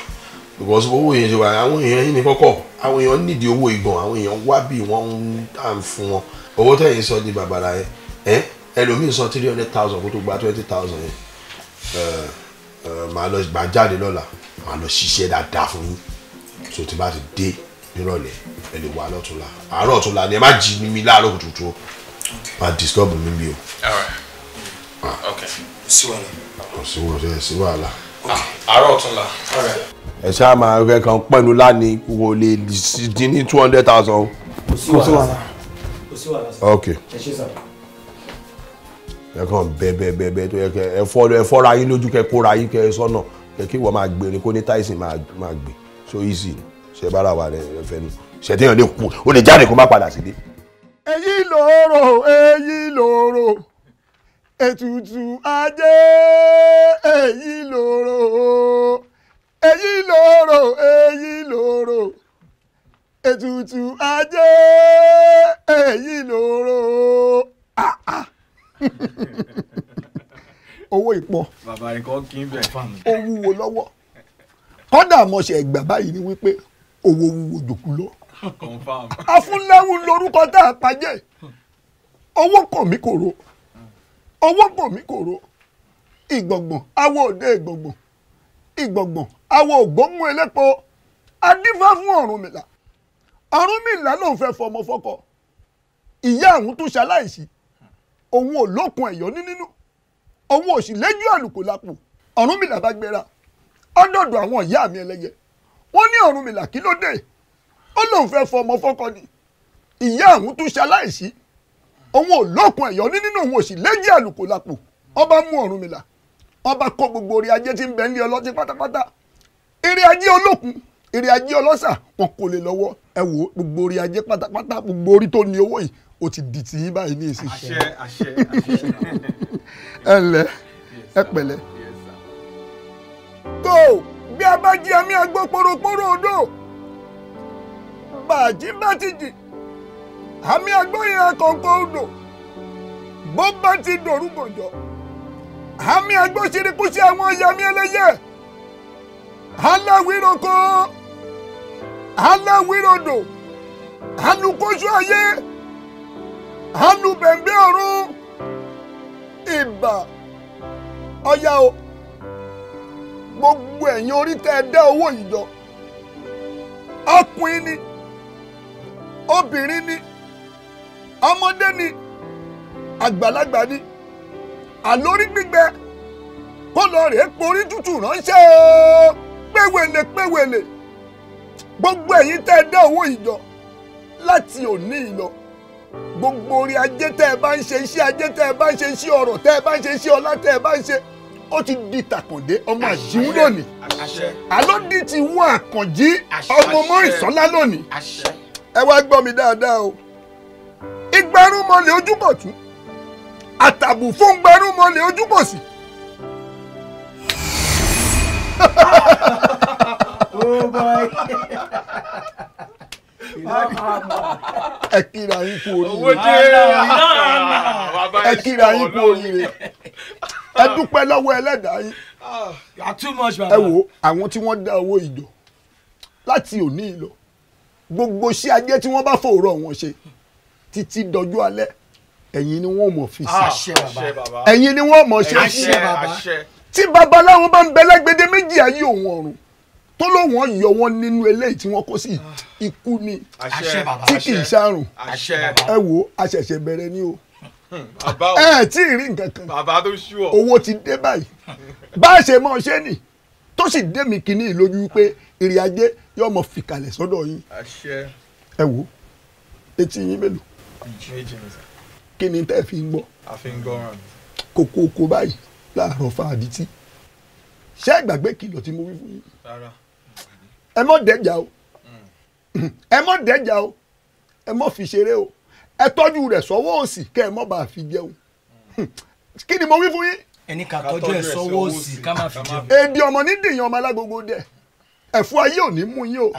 because owó yẹn ṣe wà àwọn èèyàn yìí ní kọ́kọ́ àwọn èèyàn nídìí owó ìgbọ̀n àwọn èèyàn wá bí wọ́n ń tà ń fún wọn owó tẹ̀yìn sọ di bàbàrà yẹn ẹ ẹlòmíì san three hundred thousand kó tó gba twenty thousand yẹn màá lọ gbà jáde lọ́la màá lọ ṣiṣẹ́ dáadáa fún yín so tí bá ti dé nírọ̀lẹ́ ẹ lè wà lọ́túnla àárọ̀ ọ̀túnla ni ẹ má jí mi láàárọ̀ kùtùkùtù o má disturb mi mi o. Ah. kò sí wàhálà sí wàhálà. Ah, àárọ̀ ọ̀túnla. ẹ ṣáà máa rẹ kan pẹ̀lú lánìí kò lè dín ní two hundred thousand. kò sí wàhálà kò sí wàhálà. ok ẹ ṣe sọ ẹ kàn bẹbẹbẹbẹ tó yẹ kẹ ẹ fọ ẹ fọra yín lójú kẹ kóra yín kẹ sọnà kẹ kí wọn máa gbé ni kó ní táìsì máa gbé so easy ṣe bára wa rẹ fẹnu ṣe téèyàn lè kú o lè jáde kó má padà sílé. èyí lòrò èyí lòrò ètùtù ajé èyí lòrò èyí lòrò èyí lòrò ètùtù ajé èyí lòrò ah, ah. *laughs* owó ìpọ owó wo lọ́wọ́ kódà mo ṣe gbà báyìí ni wípé owó wúwo jòkú lọ. afúnláwù lorúkọ tá a pàjẹ́ owó kọ̀ mí kòró owó kọ̀ mí kòró ìgbọ̀ngbọ̀n awọ òde ìgbọ̀ngbọ̀n ìgbọ̀ngbọ̀n awọ ògbómú ẹlẹ́pọ̀ adífá fún Ọ̀rúnmìlà Ọ̀rúnmìlà ló ń fẹ́ fọmọ fọkọ ìyá àwọn tó ṣaláìsí òun ò lókun ẹ̀yọ́ ní nínú òun ò sì lẹ́jọ́ àlùkò lápò Ọ̀rúnmìlà bá gbéra ọdọọdọ àwọn ìyá mi ẹlẹ́yẹ wọ́n ní Ọ̀rúnmìlà kí ló dé ó lóun fẹ́ fọmọ fọ́kọ ni ìyá àwọn tún ṣaláìsí òun ò lókun ẹ̀yọ́ ní nínú òun ò sì lẹ́jẹ̀ àlùkò lápò ọba mú Ọ̀rúnmìlà ọba kó gbogbo orí ajé tí ń bẹ nílé ọlọ́tí pátápátá eré ajé olókun eré ajé ọlọ́sà wọn kò lè lọ́wọ́ ẹ wo gbogbo orí ajé pátápátá gbogbo orí tó ní owó yìí ó ti di tì í báyìí ní ìsinsìnyí *laughs* ẹ ǹlẹ́ ẹ pẹ̀lẹ́ bá jí àmì àgbo poroporo odò bàjí bá ti jì àmì àgbo yẹn àkọ́kọ́ odò bó bá ti dòrú bòjọ́ àmì àgbo ṣirikú sí àwọn yàmi ẹlẹ́yẹ aláwíroko aláwírodò alukóṣù ayé alubẹ̀m̀bẹ̀ ọ̀run ìbà ọ̀yà o gbogbo ẹ̀yin orí tẹ́ ẹ dá owó yìí jọ ọkùnrin ni obìnrin ni ọmọdé ni àgbàlagbà ni àlórí gbígbẹ kó lọ rèé porí tútù ránṣẹ́ o péwèlè péwèlè gbogbo ẹ̀yin tẹ́ ẹ dá owó yìí jọ láti òní ìlọ gbogbo orí ajé tẹ́ ẹ bá ń ṣe iṣẹ́ ajé tẹ́ ẹ bá ń ṣe iṣẹ́ ọrọ̀ tẹ́ ẹ bá ń ṣe iṣẹ́ ọlá tẹ́ ẹ bá ń ṣe ó ti di tàkàndé ọmọ àjíwú lónìí àló di ti wọ́n àkànjí ọmọ Mọ́rìnsọ́lá lónìí ẹ wá gbọ́ mi dáadáa o ìgbárùn mọ́lẹ̀ ojúbọ̀ àtàbù fún gbárùn mọ́lẹ̀ ojúbọ̀ sí. *laughs* Oh boy. *laughs* ẹ kíra yín kú oríire ẹ kíra yín kú oríire ẹ dúpẹ́ lọ́wọ́ ẹlẹ́dàá yín ẹ wo àwọn tí wọ́n dá owó ìjọ láti òní ìlọ gbogbo sí ajé tí wọ́n bá fòrọ̀ wọn ṣe títí dọjọ́ alẹ́ ẹ̀yin ni wọ́n mọ̀ fi sí ẹ̀yin ni wọ́n mọ̀ ṣe tí babaláwo bá ń bẹ lágbèdè ayé òun ọ̀run tó lóun yọ wọn nínú eléyìí tí wọn kó sí ikú ni tí kì í ṣàrùn ẹ wo àṣẹ̀ṣẹ̀ bẹ̀rẹ̀ ni o ẹ tí ì rí nǹkan kan owó ti dé báyìí bá a ṣe mọ ṣé nì tó sì dé mi kìíní lójú pé ìrìn ajé yóò mọ fìkàlẹ̀ sọ́dọ̀ yín ẹ wo etí yín mélòó kí ni tẹ́ fi ń gbọ́ kókó kó báyìí láàárọ̀ fàdí tí ṣé ìgbàgbé kìlọ̀ tí mo wí fún yín ẹ mọ̀ dẹ́jà o ẹ mọ̀ dẹ́jà o ẹ mọ̀ fi ṣeré o ẹ tọ́jú rẹ̀ sọ́wọ́ òsì kẹ́ ẹ mọ̀ bá fi jẹun kí ni mo wí fún yín. ẹni ká tọ́jú ẹ sọ́wọ́ òsì ká má fi jẹun. èdè ọmọ ní dèèyàn ọmọ alágbogbo dẹ ẹ̀fọ́ ayé ò ní mú yín o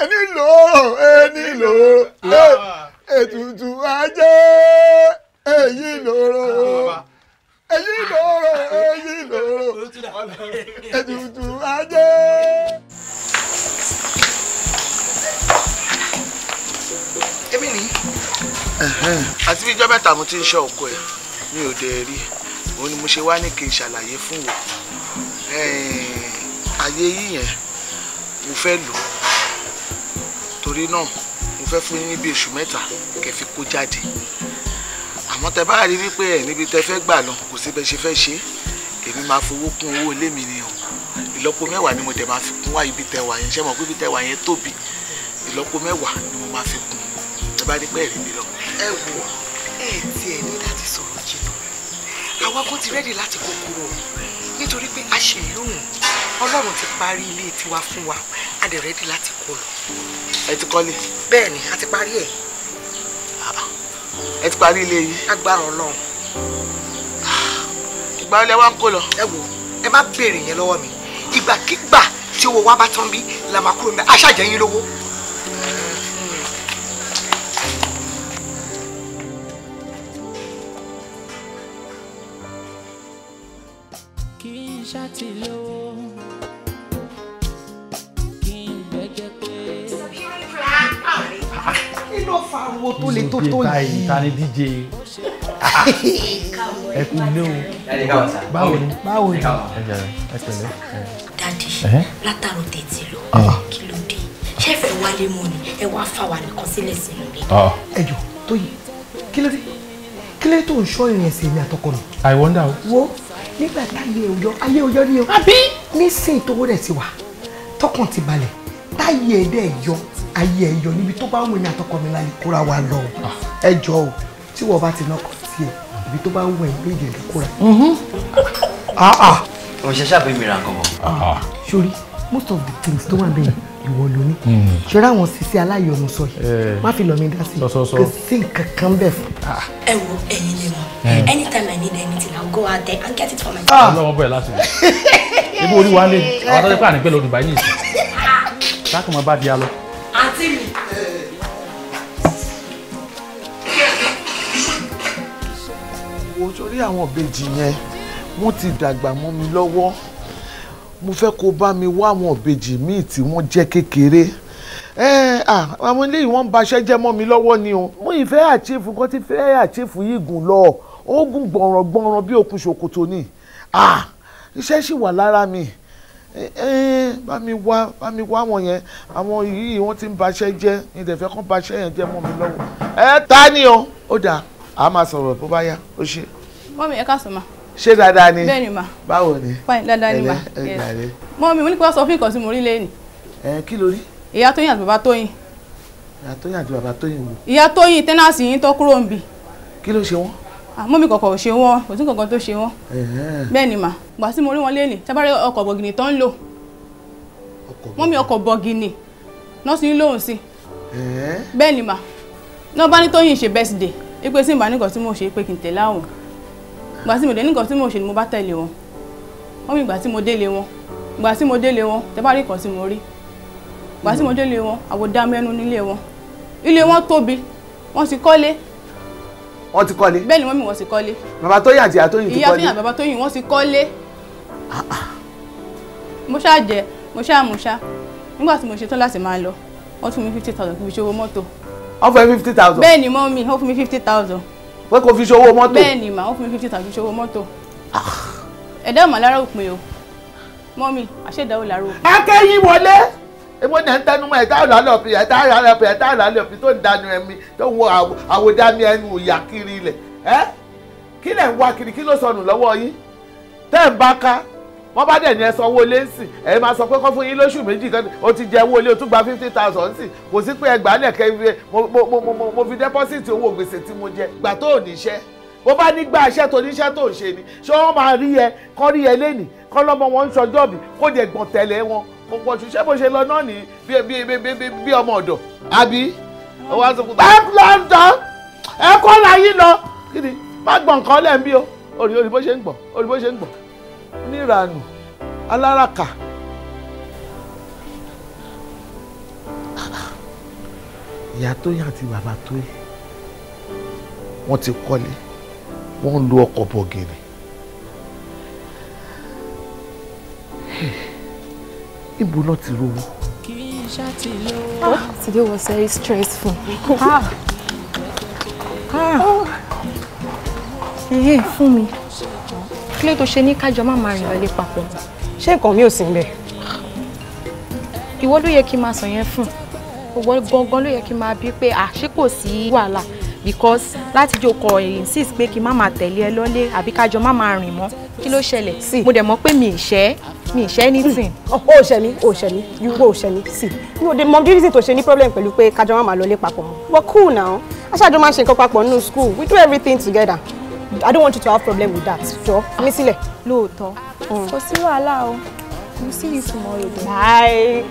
ẹni lò ó ẹni lò ó ah. ètùtù ajé èyí lòrò. Ah, ẹ̀yìn lóró ẹ̀yìn lóró ètùtù ajé. èmi ni àti bí ìjọba ẹ̀ta mo ti ń ṣe ọkọ ẹ̀ mi ò dẹ̀ rí òun ni mo ṣe wá ní kí n ṣàlàyé fún wọn ayé yíyẹn mo fẹ́ lò torí náà mo fẹ́ fún yín ní bí oṣù mẹ́ta kẹ́ fi kó jáde àmọ́ tẹ bá rí wípé ẹ̀ níbi tẹ fẹ́ gbà lọ kò sí bẹ ṣe fẹ́ ṣe èmi máa fowó kún owó ilé mi ni o ìlọ́po mẹ́wàá ni mo dẹ̀ máa fi kún wá ibi tẹwà yẹn ṣé mo pé ibi tẹwà yẹn tóbi ìlọ́po mẹ́wàá ni mo máa fi kún tẹ bá rí pé ẹ̀rí mi lọ. ẹ wo ẹ tiẹ̀ ní láti sọ̀rọ̀ jìnnà àwa kò ti rẹ́dì láti kó kúrò nítorí pé a ṣe lóhùn ọlọ́run ti parí ilé tiwa fún wa a dẹ̀ rẹ́dì láti kó lọ. ẹ ti kọ́lé. bẹ́ẹ̀ ni a ti parí ẹ̀ ẹ ti parí ilé yìí. agbára Ọlọ́run. *sighs* ìgbà olè wa ń kó lọ. ẹ wo ẹ má béèrè yẹn lọ́wọ́ mi ìgbàkigbà tí owó wa bá tán bí la máa kúrò ní aṣáájẹ yín lówó. kì í ṣàtìlówó. kí ló fa ariwo tó le tó tó yìí. ta ni dj *laughs* ẹ kú lé o báwo ni báwo ni. dadi látàrọ tètè lọ ah. kí ló dé ṣé ẹ fẹ́ wálé mọ́ ni ẹ wá fà wà nìkan sílẹ̀ sínú ilé. Ah. ẹ jọ tó yẹ kí ló dé kí ló tó ń ṣọ́ ìrìn ẹ̀sìn mi àtọkọ mi. I wonder o. wo nígbà táyé òyọ ayé òyọ ni o. àbí. nísìnyí tó wọlé ti wà tọkàn ti balẹ̀ táyé ẹ̀dẹ̀ yọ ayé ẹ yọ níbi tó bá wù ní àtọkọ mi láyé kóra wa lọ ah. ẹ jọ o tí wọ́n bá ti nọkọ sí ẹ ibi tó bá wù ẹ méje ló kóra. òṣìṣẹ́ mm-hmm. ah, ah. ṣàbẹ̀ mi ra nǹkan sori most of the things tó wà bẹ́ẹ̀ ìwọ ló ní mm. ṣe ráwọn sisi aláyọnu sọ yìí eh. má fi lọ mi dá sí kò sí nǹkan kan bẹ́ẹ̀ fún. ẹ wo ẹyin lè mọ eh. anytime i need anything i will go out there and get it for myself. ọlọ́wọ́ bọ̀ ẹ̀ láti rí ibi orí wa lè àwọn tó ti pààyàn pẹ̀lú olùbáyé yìí sí láti mọ bá di a sórí àwọn ìbejì yẹn wọ́n ti dàgbà mọ́ mi lọ́wọ́ mo fẹ́ kó bá mi wá àwọn ìbejì míì tí wọ́n jẹ́ kékeré àwọn eléyìí wọ́n ń baṣẹ́ jẹ́ mọ́ mi lọ́wọ́ ni o mo ìfẹ́ àchífù kan ti fẹ́ àchífù yìí gùn lọ ó gùn gbọ̀nràn gbọ̀nràn bí okùn ṣòkòtò ni iṣẹ́ sì wà lára mi bá mi wá bá mi wá wọn yẹn àwọn yìí wọ́n ti ń baṣẹ́ jẹ́ ìdẹ̀fẹ́ kan baṣẹ́ yẹn jẹ́ mọ́ mi lọ́wọ́ ẹ ta ni o ó dà á máa sọ̀rọ̀ bó bá yá ó ṣe mọ́mí ẹ káàsán ma. ṣé dáadáa ni bẹ́ẹ̀ ni ma. báwo ni fine dáadáa ni ma. mọ́mí mo ní kí wọ́n sọ fún ìkànsí mo rí lẹ́yìn. ẹ kí ló rí. ìyá Tóyìn àti bàbá Tóyìn. ìyá Tóyìn àti bàbá Tóyìn wò. ìyá Tóyìn tẹ́nàsì yín tó kúrò ń bì. kí ló ṣe wọ́n. Ah, mọ́mí kọ̀kọ̀ ò ṣe wọ́n kò sí kankan tó ṣe wọ́n. bẹ́ẹ̀ ni ma gbà sí mo rí wọn lẹ́yìn tábàárẹ̀ ọkọ̀ bọ̀gìnì tó lò. mọ́mí ọkọ̀ bọ̀gìnì nọ́ọ̀sì yín lóhùn sí. bẹ́ẹ̀ ni ma náà bá ní Tóyìn ṣe bẹ́sídẹ̀ẹ́ ipe sí ìbánikọ̀ tí ìgbà tí mo dé ní nǹkan tí mo ṣe ni mo bá tẹ̀lé wọn wọ́n mi ìgbà tí mo dele wọn ìgbà tí mo délé wọn tẹ bá rí nǹkan tí mo rí ìgbà tí mo délé wọn àwòdá mẹ́nu nílé wọn ilé wọn tóbi wọ́n ti kọ́lé. wọ́n ti kọ́lé. bẹ́ẹ̀ ni wọ́n mi wọ́n ti kọ́lé. bàbá Tóyìn àti ìyá Tóyìn ti kọ́lé. ìyá Tóyìn àti bàbá Tóyìn wọ́n ti kọ́lé. mo ṣáà jẹ mo ṣáà mo ṣá nígbà tí mo ṣe tán láti máa lọ wọ́n tún mi fifty thousand kí n fi ṣòwò mọ́tò. wọ́n fún mi fifty thousand. bẹ́ẹ̀ ni mọ́ mi wọ́n fún mi fifty thousand pé kò fi ṣòwò mọ́tò. bẹ́ẹ̀ ni màá ó fún mi fifty thousand ṣòwò mọ́tò. Ah. ẹ̀dá ọ̀mà lára òpin o mọ́mí àṣẹ̀dáwò lára òpin. akẹ́yìn wọlé èmo ní ẹ̀ ń tẹnu mọ́ ẹ̀dá àlọ́ ọ̀pìn ẹ̀dá àlọ́ ọ̀pìn ẹ̀dá àlọ́ ọ̀pìn tó ń danu ẹ̀mí tó ń wo àwòdámi ẹnu ìyà kiri ilẹ̀ ẹ́ kí lẹ̀ ń wá kiri kí ló sọnù lọ́wọ́ yín tẹ́ ń bá ká wọ́n bá dẹ̀ ní ẹ sanwó ilé ńsì ẹ máa sọ pé kọ́ fún yín lóṣù méjì kan o ti jẹ owó ilé o tún gba fifty thousand ńsì kò sí pé ẹgbàá lẹ̀ kẹ́ mo fi dẹ́pọ́sìtì owó gbèsè tí mo jẹ gbà tó ò níṣẹ́ bó bá ní gba iṣẹ́ tó níṣẹ́ tó ń ṣe ni ṣé wọ́n máa rí ẹ kọ́ rí ẹ lẹ́nìí kọ́ lọ́mọ wọn ń ṣọjọ́ bí kó dẹ̀ gbọ̀n tẹ̀lé wọn kò pọ̀ ṣiṣẹ́ bó ṣe lọ náà ní bí ọmọ ọ̀dọ̀ àbí wọ́n sọ pé ẹ lọ ń tán ẹ kọ́ la yín aláràkà ìyá Tóyìn àti bàbá Tóyìn wọ́n ti kọ́lé wọ́n ń lo ọkọ̀ bọ̀gìnì náà ti rówó. Ah, today was very stressful. Ah. Ah. Ẹ̀hẹ́ eh, eh, fún mi. Kílé tó ṣe ní kájọ má máa rìn lọlé papọ̀ ṣé nǹkan mi ò sí níbẹ̀. ìwọ ló yẹ kí n máa sọ yẹn fún ìwọ gangan ló yẹ kí n máa bí pé àṣé kò sí wàhálà because láti jò kọ insist pé kí n má máa tẹ̀lé ẹ lọ́lé àbí kájọ má máa rìn mọ́ kí ló ṣẹlẹ̀ sí mo dẹ̀ mọ̀ pé mi ì ṣẹ́ mi ì ṣẹ́ anything. o ò ṣẹ mi o ò ṣẹ mi you o ò ṣẹ mi sí mi ò dé mọ bí reason tó ṣe ní problem pẹ̀lú pé kájọ má máa lọlé papọ̀ mọ́ but cool now aṣáájú máa ń ṣe nǹkan papọ̀ nínú school we do everything together I don't want you to have problem with that. Jọ mi sílẹ̀. Lóòótọ́. For see you allow. We'll see you tomorrow. Then. Bye.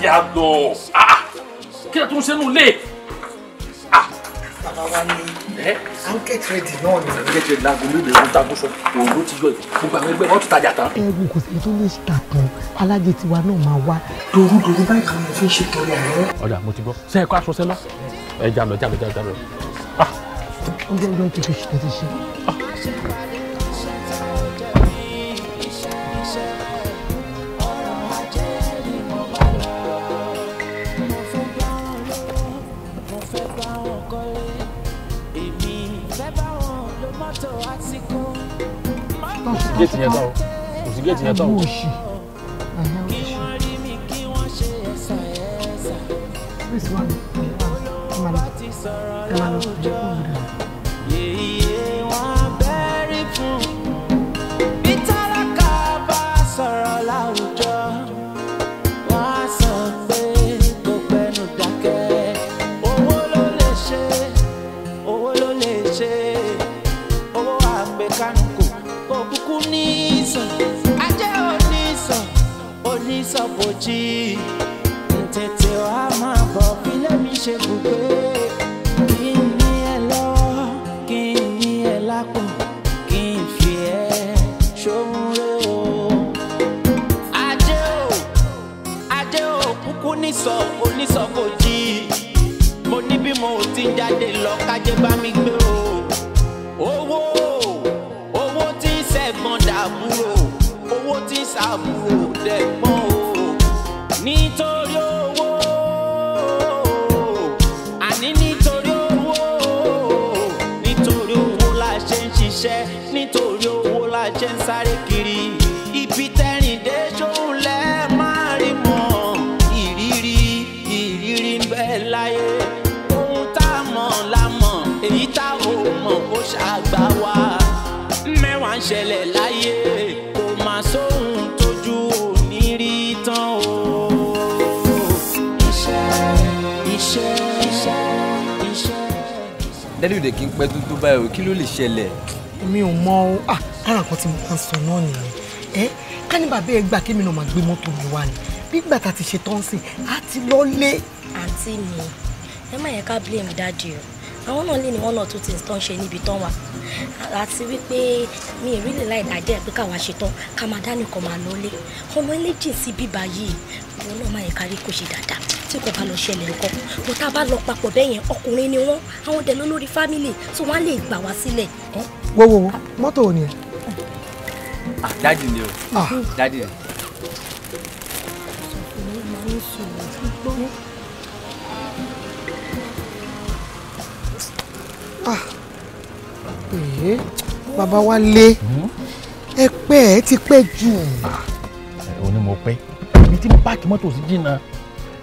Diablo! Ah! ah. Kí ló tún ṣe nù Ah! bàbá wa ní. à ń get ready náà ni. get ready láago mélòó ló ń tagun sọ òun ló ti yọ ẹ gbogbo àwọn ẹgbẹ́ wọn ti tajà tán. ẹrù kò sí tó lè ta kan alájẹ tiwa náà máa wá. doru doru báyìí kan mo fi ń ṣe tọrẹ àárọ̀. ọ̀dà mo ti gbọ́ sẹ́yìn kó aṣọ sẹ́lá ẹ jà lọ jà lọ jà lọ. ọjọ́ ìjọ ti fi ṣe ti ṣe. Ah! géètì yẹn tán o kò sí géètì yẹn tán o. pẹ́ tó tó báyìí o kí ló lè ṣẹlẹ̀. mi ò mọ o ah, ara kan tí mo máa ń sọ náà nìyẹn ẹ ká ní bàbá ẹ gbà kí mi náà máa gbé mọ́tò mi wá ni bí gbà tá a ti ṣe tán sí i á ti lọ lé. àǹtí mi ẹ má yẹ ká blame dáàdì o àwọn náà lè ní one or two things tó ń ṣe níbi tán wa àti wípé mi ì rílẹ̀ láì dájẹ́ pé káwa ṣetán ká máa dá nìkan máa lọ lé ọmọ ilé jìn sí bíbá yìí òun náà máa yẹ kárí kó ṣe dáadáa tí kò bá lọ ṣẹlẹ̀ nǹkan bó tá a bá lọ papọ̀ bẹ́ẹ̀ yẹn ọkùnrin ni wọ́n àwọn dẹ̀ lólórí fámìlì tí wọ́n á lè gbà wá sílẹ̀. wo wo mọ́tò ò ní ẹ. Ah, ni o ah. dádì ni. Ah. Eh, bàbá wa lé hmm? ẹ pẹ́ ẹ ti pẹ́ jù. ó ah, ní mo pẹ́ ibi tí páàkì mọ́tò sí jìnnà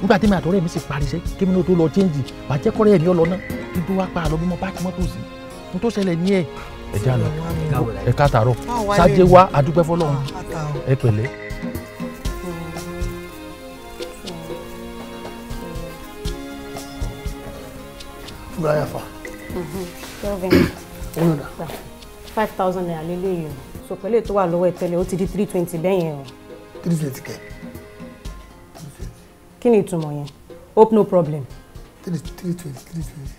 nígbà tí mi àtọ́rẹ́ mi sì parisẹ́ kí mi náà tó lọ chẹ́ǹjì bàjẹ́ kọ́rẹ́ ẹ̀mí ọlọ́nà kí tó wá pa àlọ́ mímọ́ páàkì mọ́tò sí n tó ṣẹlẹ̀ ní ẹ̀ ẹ já lọ ẹ ká tàárọ̀ sáájé wá adúpẹ́ fọlọ́run ah, ẹ pẹ̀lẹ́. Brian Fa five thousand naira lélẹ́yìn o so pẹ̀lú ètò wà lọ́wọ́ ẹ tẹ́lẹ̀ ó ti di three twenty bẹ́ẹ̀ o. three twenty kẹ. kí ni ìtumọ̀ yẹn hope no problem. three three twenty three twenty.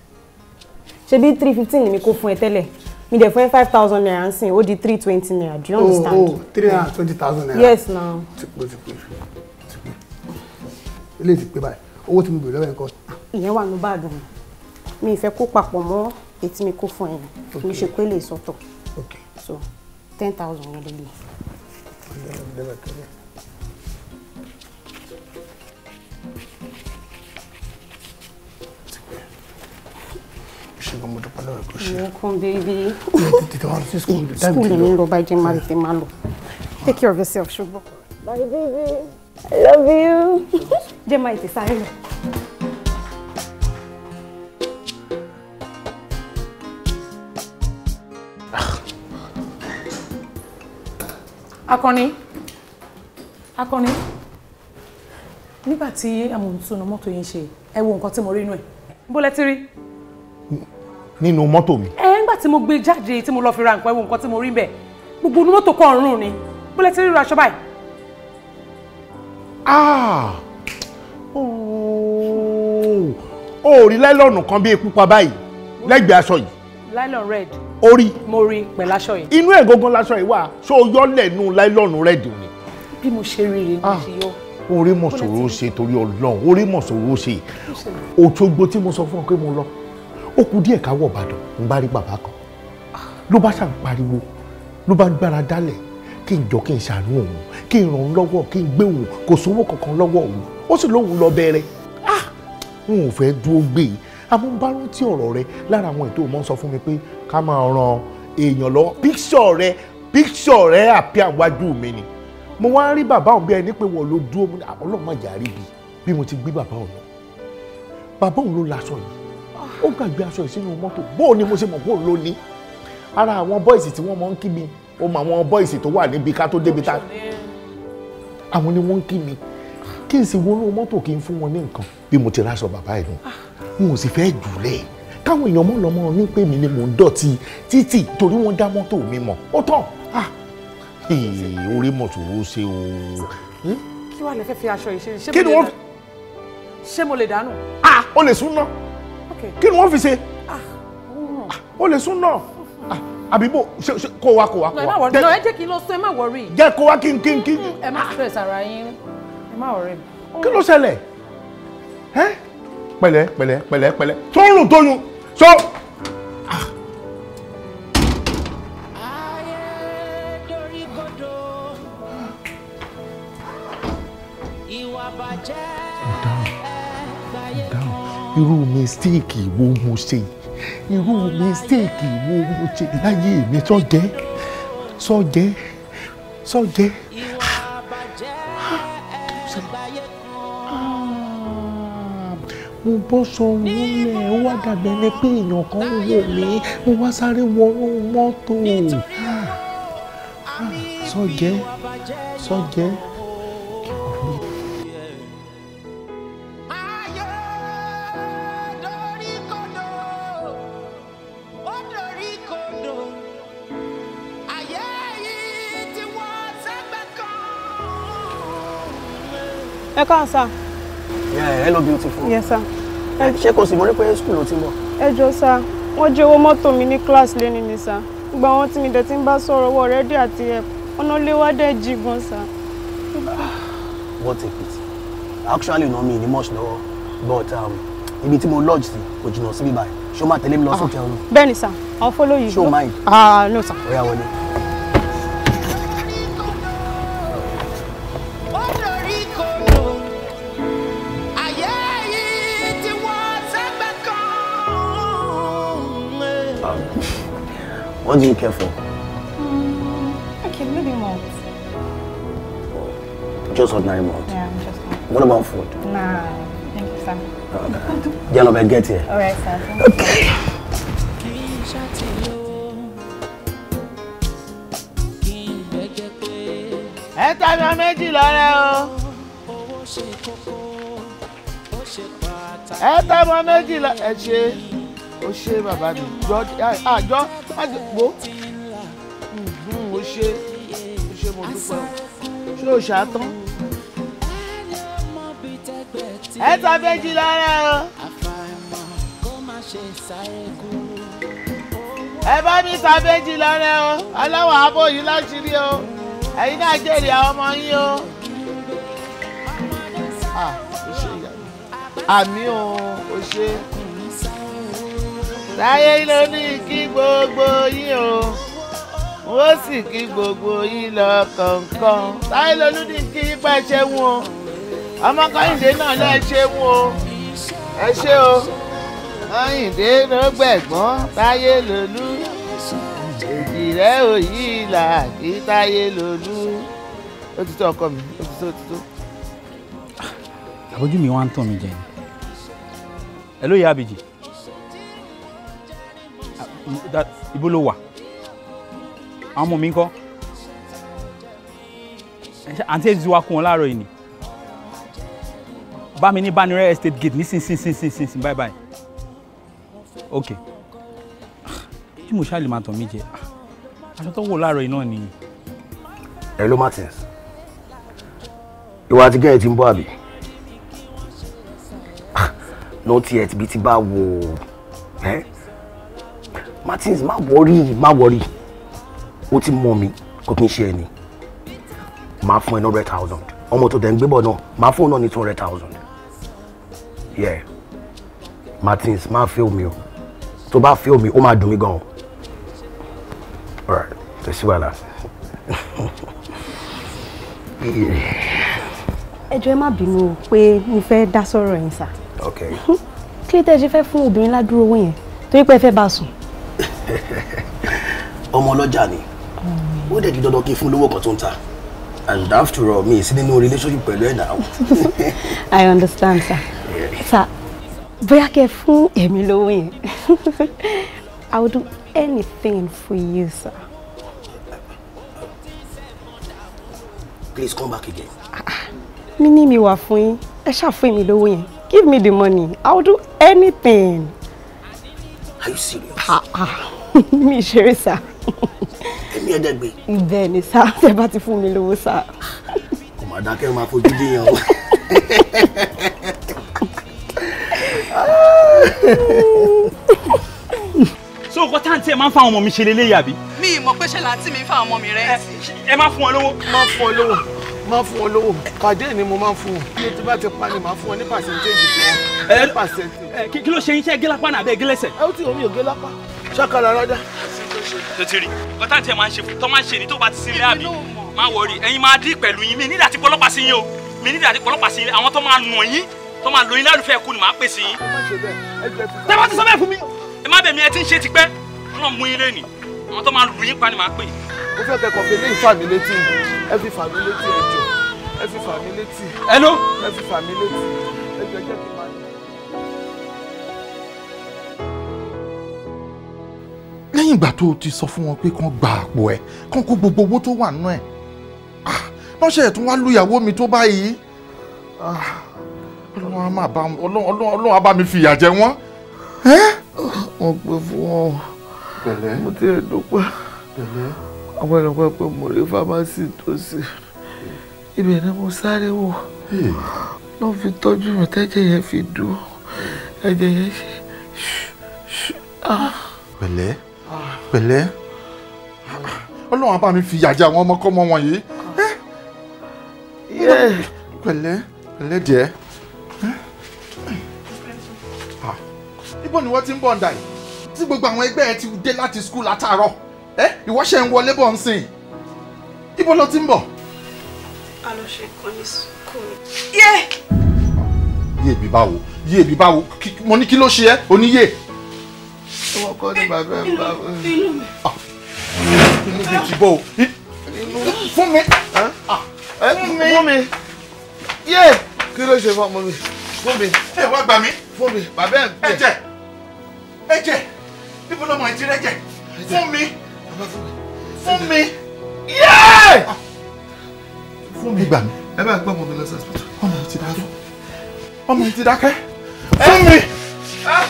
ṣebí three fifteen ni mi kó fún ẹ tẹ́lẹ̀ mi dẹ̀ fún ẹ five thousand naira ń sìn ó di three twenty naira do you oh, understand. oh oh three hundred twenty thousand naira. yes na. ti pé ti pé ti pé eléyìí ti pé báyìí owó tí mo bèrè lọ́wọ́ ẹ̀ kọ́. ìyẹn wà ní báàgì mi mi ìfẹ́ kó papọ̀ mọ́ etí mi kó fún ẹ̀yìn mi ṣe pé lè sọ̀tọ̀ so ten thousand yẹn lè lè. ṣùgbọ́n mo *laughs* take care of yourself ṣùgbọ́n. Bye, baby i love you. jẹ́ máa tètè akọni akọni nígbà tí amòǹtúnú mọ́tò yìí ń ṣe ẹ wo nǹkan tí mo rí inú ẹ̀ bó lẹ ti rí. nínú mọ́tò mi. ẹ ńgbà tí mo gbé jáde tí mo lọ fi ra nǹkan ẹ wo nǹkan tí mo rí bẹ́ẹ̀ gbogbo inú mọ́tò kan rùn ni bó lẹ ti rí ra aṣọ báyìí. ah ooo oh. o ò rí lẹ́lọ́ọ̀nù kan bí epo báyìí lẹ́gbẹ̀ẹ́ aṣọ yìí nylon red. orí. mo rí pẹ̀lú aṣọ yìí. inú ẹ̀ gangan laṣọ yìí wà ṣó o yọ lẹ́nu nylon red ni. bí mo ṣe rí rèé ni mo ah, ṣe yọ. orí mọ̀sòrò ṣe torí ọlọ́run orí mọ̀sòrò ṣe òṣogbo tí mo sọ fún ọ pé mo lọ ó kù díẹ̀ káwọ̀ ìbàdàn ń bá rí bàbá kan ló bá ṣàn pariwo ló bá ń gbára dálẹ̀ kí n jọ kí n ṣàánú òun kí n ràn án lọ́wọ́ kí n gbé òun kò sówó kankan lọ́wọ́ òun ó sì lóun lọ bẹ̀rẹ̀ ah n ò fẹ́ dúró gbé yìí e amúbárùntì ọ̀rọ̀ rẹ lára àwọn ètò mọ́ sọ fún mi pé ká máa ran èèyàn lọ́wọ́ píṣọ̀ rẹ píṣọ̀ rẹ àpí àwájú mi ni mo wá ń rí bàbá òun bí ẹni pé wọ́n ló dúró mu ah, ọlọ́run má jà rí bi bí mo ti gbé bàbá òun lọ bàbá òun ló laṣọ yìí ó gbàgbé aṣọ yìí sínú mọ́tò bóò ni mo ṣe mọ̀ pé ló ní ara àwọn bọ́ìsì tí wọ́n mọ̀ ń kí mi ó mọ àwọn bọ́ìsì tó wà níbi ká tó débi ta àwọn ni wọ́n ń kí mi kí n sì wọnú mọ́tò kí n fún wọn ní nǹkan bí mo ti ráṣọ bàbá ẹ̀ nù n ò sì fẹ́ jùlẹ̀ káwọn èèyàn mọ́ lọ́mọ ní pé mi ni mò ń dọ̀tí títì torí wọ́n dá mọ́tò mi mọ̀ ó tán ah. orí mọ̀tò ó ṣe o. kí wàá lè fẹ́ fi aṣọ yìí ṣe ṣé mo lè dànù. Ah, o lè sún náà kí ni wọ́n fi ṣe ah, o lè sún náà àbí bò ṣe ṣe kó wa kó wa kó wa. ẹ má jẹ́ kí n lọ sún ẹ má wọrí. jẹ́ kó wa kí n kí n kí n. Mm, ẹ má stress ara yín ẹ má ọ̀rẹ́ mi. kí ló ṣẹlẹ̀ ẹ́ pẹ̀lẹ́ pẹ̀lẹ́ pẹ̀lẹ́ pẹ̀lẹ́ tó ń rùn tó yun so. irú mistake wo mo ṣe irú mistake wo mo ṣe láyé mi sọ jẹ sọ jẹ sọ jẹ. mo bọ́ sọ̀rọ̀ lẹ̀ ó wá dàgbẹ́ ni pé èèyàn kan wò mí mo wá sáré wọnú mọ́tò ah, sọ́jẹ́ sọ́jẹ́. ẹ káàsán. Yeah, hello beautiful. Yes sir. Ṣé kò sì mọ̀ nípa school ló ti ń bọ̀? Ẹ jọ sá, wọ́n jẹ́ owó mọ́tò mi ní class lẹ́ni ni sá. Gba àwọn tí mi dẹ̀ ti ń bá sọ̀rọ̀ owó rẹ́dí àti ẹ̀ ọ̀nà léwá dẹ̀ jí gan sá. What a pity. Actually, no mi ni much lọ́wọ́ but um, ibi tí mo lodge sí kò jìnnà síbí báyìí. Ṣé o máa tẹ̀lé mi lọ sókè ọ̀run? Bẹ́ẹ̀ni sá, I'll follow you. Ṣé o máa yìí? Ah, no sir. Ó yá wọlé. What do you care for? Mm, okay, maybe malt. Just ordinary malt? Yeah, just malt. What about food? Nah, thank you, sir. Okay. Yellow, I get here. Alright, sir. Okay. you ẹ tọ́jọ́ méjì lọ́rẹ́ o ẹ tọ́jọ́ méjì lọ́rẹ́ ẹ ṣe o ṣe bàbá mi àjọ májègbó mm-hmm, mo ṣe mo ṣe mo dúpẹ́ o ṣé o ṣàtán. ẹ ta méjì lára o. ẹ bá mi ta méjì lára o aláwọ̀ abọ́ yìí láti rí o ẹ̀yin náà jèrè àwọn ọmọ yín o. Ah, àmì o o ṣe sáyé ló ní kí gbogbo yín o ó sì kí gbogbo yín lọ kọ̀ọ̀kan sáyé ló ní kí pẹ́ ṣe wọn o ọmọ kọ́hìndé náà lẹ́ ṣe wọn o ẹ ṣe o kọ́hìndé ló gbẹ̀gbọ́n sáyé lòlú èdè rẹ ò yí ìlà kí sáyé lòlú ó ti tó ọkọ mi ó ti tó ó ti tó. àbójú mi wá ń tàn mí jẹ ẹ ló yẹ ibo ló wa. àwọn ọmọ mi ń kọ́ àǹtí èyí ti wá kún wọn láàárọ̀ yìí ni bá mi ní banire estate gate nísinsinsinsinsin bye bye ok tí mo ṣáà lè máa tàn mí jẹ aṣọ tó wò láàárọ̀ yìí náà nìyí. hello Martins ìwà àtijọ́ ẹ̀ ti ń bọ́ àbí ló ah, tiẹ̀ ti bí ti bá wò ó Martins má wọrí má wọrí o ti mọ mi kò kí n ṣe ẹni máa fún ẹ ní hundred thousand ọmọ tó dẹ̀ ń gbébọ̀ náà máa fún ọ náà ní two hundred thousand yeah Martins má fẹ́ omi o tó bá fẹ́ omi ó máa dùn mí gan o alright kò sí wàhálà. *laughs* ẹ jọ̀ọ́ ẹ má bínú pé mo fẹ́ dá sọ̀rọ̀ yẹn sà. ok. *laughs* kí ló tẹ́ ẹ ṣe fẹ́ fún obìnrin ládùúró owó yẹn torí pé ẹ fẹ́ bá a sùn. *laughs* ọmọ ọlọ́jà ni ó dẹ̀ di dandan kí n fún lówó kan tó ń ta and after all mi sí nínú relationship pẹ̀lú ẹ̀ náà. *laughs* I understand sir sir bóyá kẹ́ fún èmi lówó yẹn *laughs* I will do anything for you sir. Please come back again. mi ní mi wà fún yín ẹ ṣàfún èmi lówó yẹn give me the money I will do anything. Are you serious? Ha, ha. *laughs* mi ìṣeré sá. èmi ọ̀dẹ̀ gbé. bẹ́ẹ̀ ni sá tẹ bá ti fún mi lówó sá. kò má dákẹ́ máa fojú díyan o. *laughs* so nǹkan tá à ń tiẹ̀ máa ń fa àwọn ọmọ mi ṣe lélẹ́yìí àbí. mi ì mọ̀ pé ṣe làǹtí mi ń fa àwọn ọmọ mi rẹ̀. ẹ má fún wọn lówó. má fún wọn lówó máa fún ọ lówó pàdé ni mo máa ń fún ọ iye tó bá ti pa ni màá fún ọ ní pàṣẹ tí èjì tó wọn ní pàṣẹ. kí ló ṣe iṣẹ́ gẹ́lápá náà bẹ́ẹ̀ gẹ́lẹ́sẹ̀. ẹ ó ti omi ò gẹ́lápá ṣàkàlà rájá. tètè rí ọ̀tá tí ẹ máa ń ṣe tó máa ṣe ní tó bá ti sinmi àbí máa wọrí ẹ̀yin máa dín pẹ̀lú yín mi nígbà tí pọlọ́pàá sí yín o mi nígbà tí pọlọ́pàá sí yín àwọn tó máa nù yín tó máa lóyún lálùfẹ́ kú ni màá pè sí yín. tẹ́ bá ti sọ bẹ́ẹ̀ fún mi. ẹ má bẹ̀ mí ẹ ti ń ṣe tipẹ́ ọlọ́run mú yín lẹ́nìí àwọn tó máa lù yín pa ni màá pè. ó fẹ́ kẹ́kọ̀ọ́ fi léyìn fàmí létí ẹ fi fàmí létí ẹ jọ ẹ fi fàmí létí. ẹ ló. ẹ fi létí ẹ jọ jẹ́ kí n lẹ́yìn ìgbà tó o ti sọ fún wọn pé kán gba àpò ẹ̀ kán kó gbogbo owó tó wà nínú ẹ̀ ah, lọ́sẹ̀ ẹ̀ tún wá lùyàwó mi tó báyìí ah, ọlọ́run á bá mi fìyà jẹ wọ́n. wọ́n pè fún wọn o mo ti ẹ̀ dúpẹ́ àwọn ẹ̀rọ pé mo rí fámásì tó sì ibẹ̀ ni mo sáré wò lọ́n fi tọ́jú mi tẹ́jẹ̀ yẹn fi dùn ẹ̀jẹ̀ yẹn ṣe. Ah. pẹ̀lẹ́ pẹ̀lẹ́ ọlọ́run abá mi fi yàjà àwọn ọmọkọ́mọ wọn yìí pẹ̀lẹ́ pẹ̀lẹ́ díẹ̀ ah. ibo ni wọ́n ti ń bọ̀ ǹda yìí tí gbogbo àwọn ẹgbẹ́ ẹ ti dé láti skul látàárọ̀ ẹ ìwọ ṣe ń wọlé bọ̀ ń sìn ibo ló ti ń bọ̀. a lọ ṣe nǹkan ní skul. yé ebi báwo yé ebi báwo mo ní kí ló ṣe ẹ́ oníyè owó kọ́ ní bàbá ẹ̀ ń bá wọn. inú mi inú mi ah. ti bọ̀ o fún mi fún mi yé kí ló ṣe fún ọmọ mi fún mi. ẹ wá gbà mí fún mi bàbá ẹ̀ ń bẹ̀. ẹ̀jẹ̀ ẹ̀jẹ̀ níbo lọmọ ẹ ti rẹ́jẹ̀ fún mi fún mi yé. fún mi gbà mí. ẹ bá gbọ́ ọmọ mi lọ sí ọsibítù. ọmọ mi ti dákẹ́ ọmọ mi ti dákẹ́ fún mi. Ah!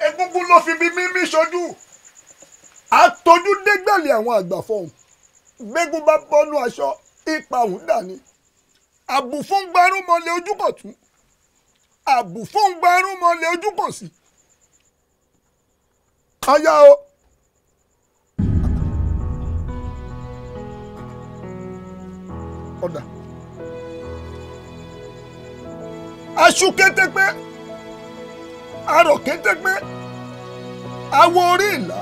Egúngún ló fi bí mímí ṣojú. Àtọ́jú dégbàlè àwọn àgbà fọ̀hún. Gbégún bá bọ́nú aṣọ ipa òun dání. Àbùfún gbarúmọlẹ̀ ojúbọ̀ tún. Àbùfún gbarúmọlẹ̀ ojúbọ̀ sí. Aya o. Ọ̀dà. aṣú kétégbé arọ kétégbé awọ orí ìlà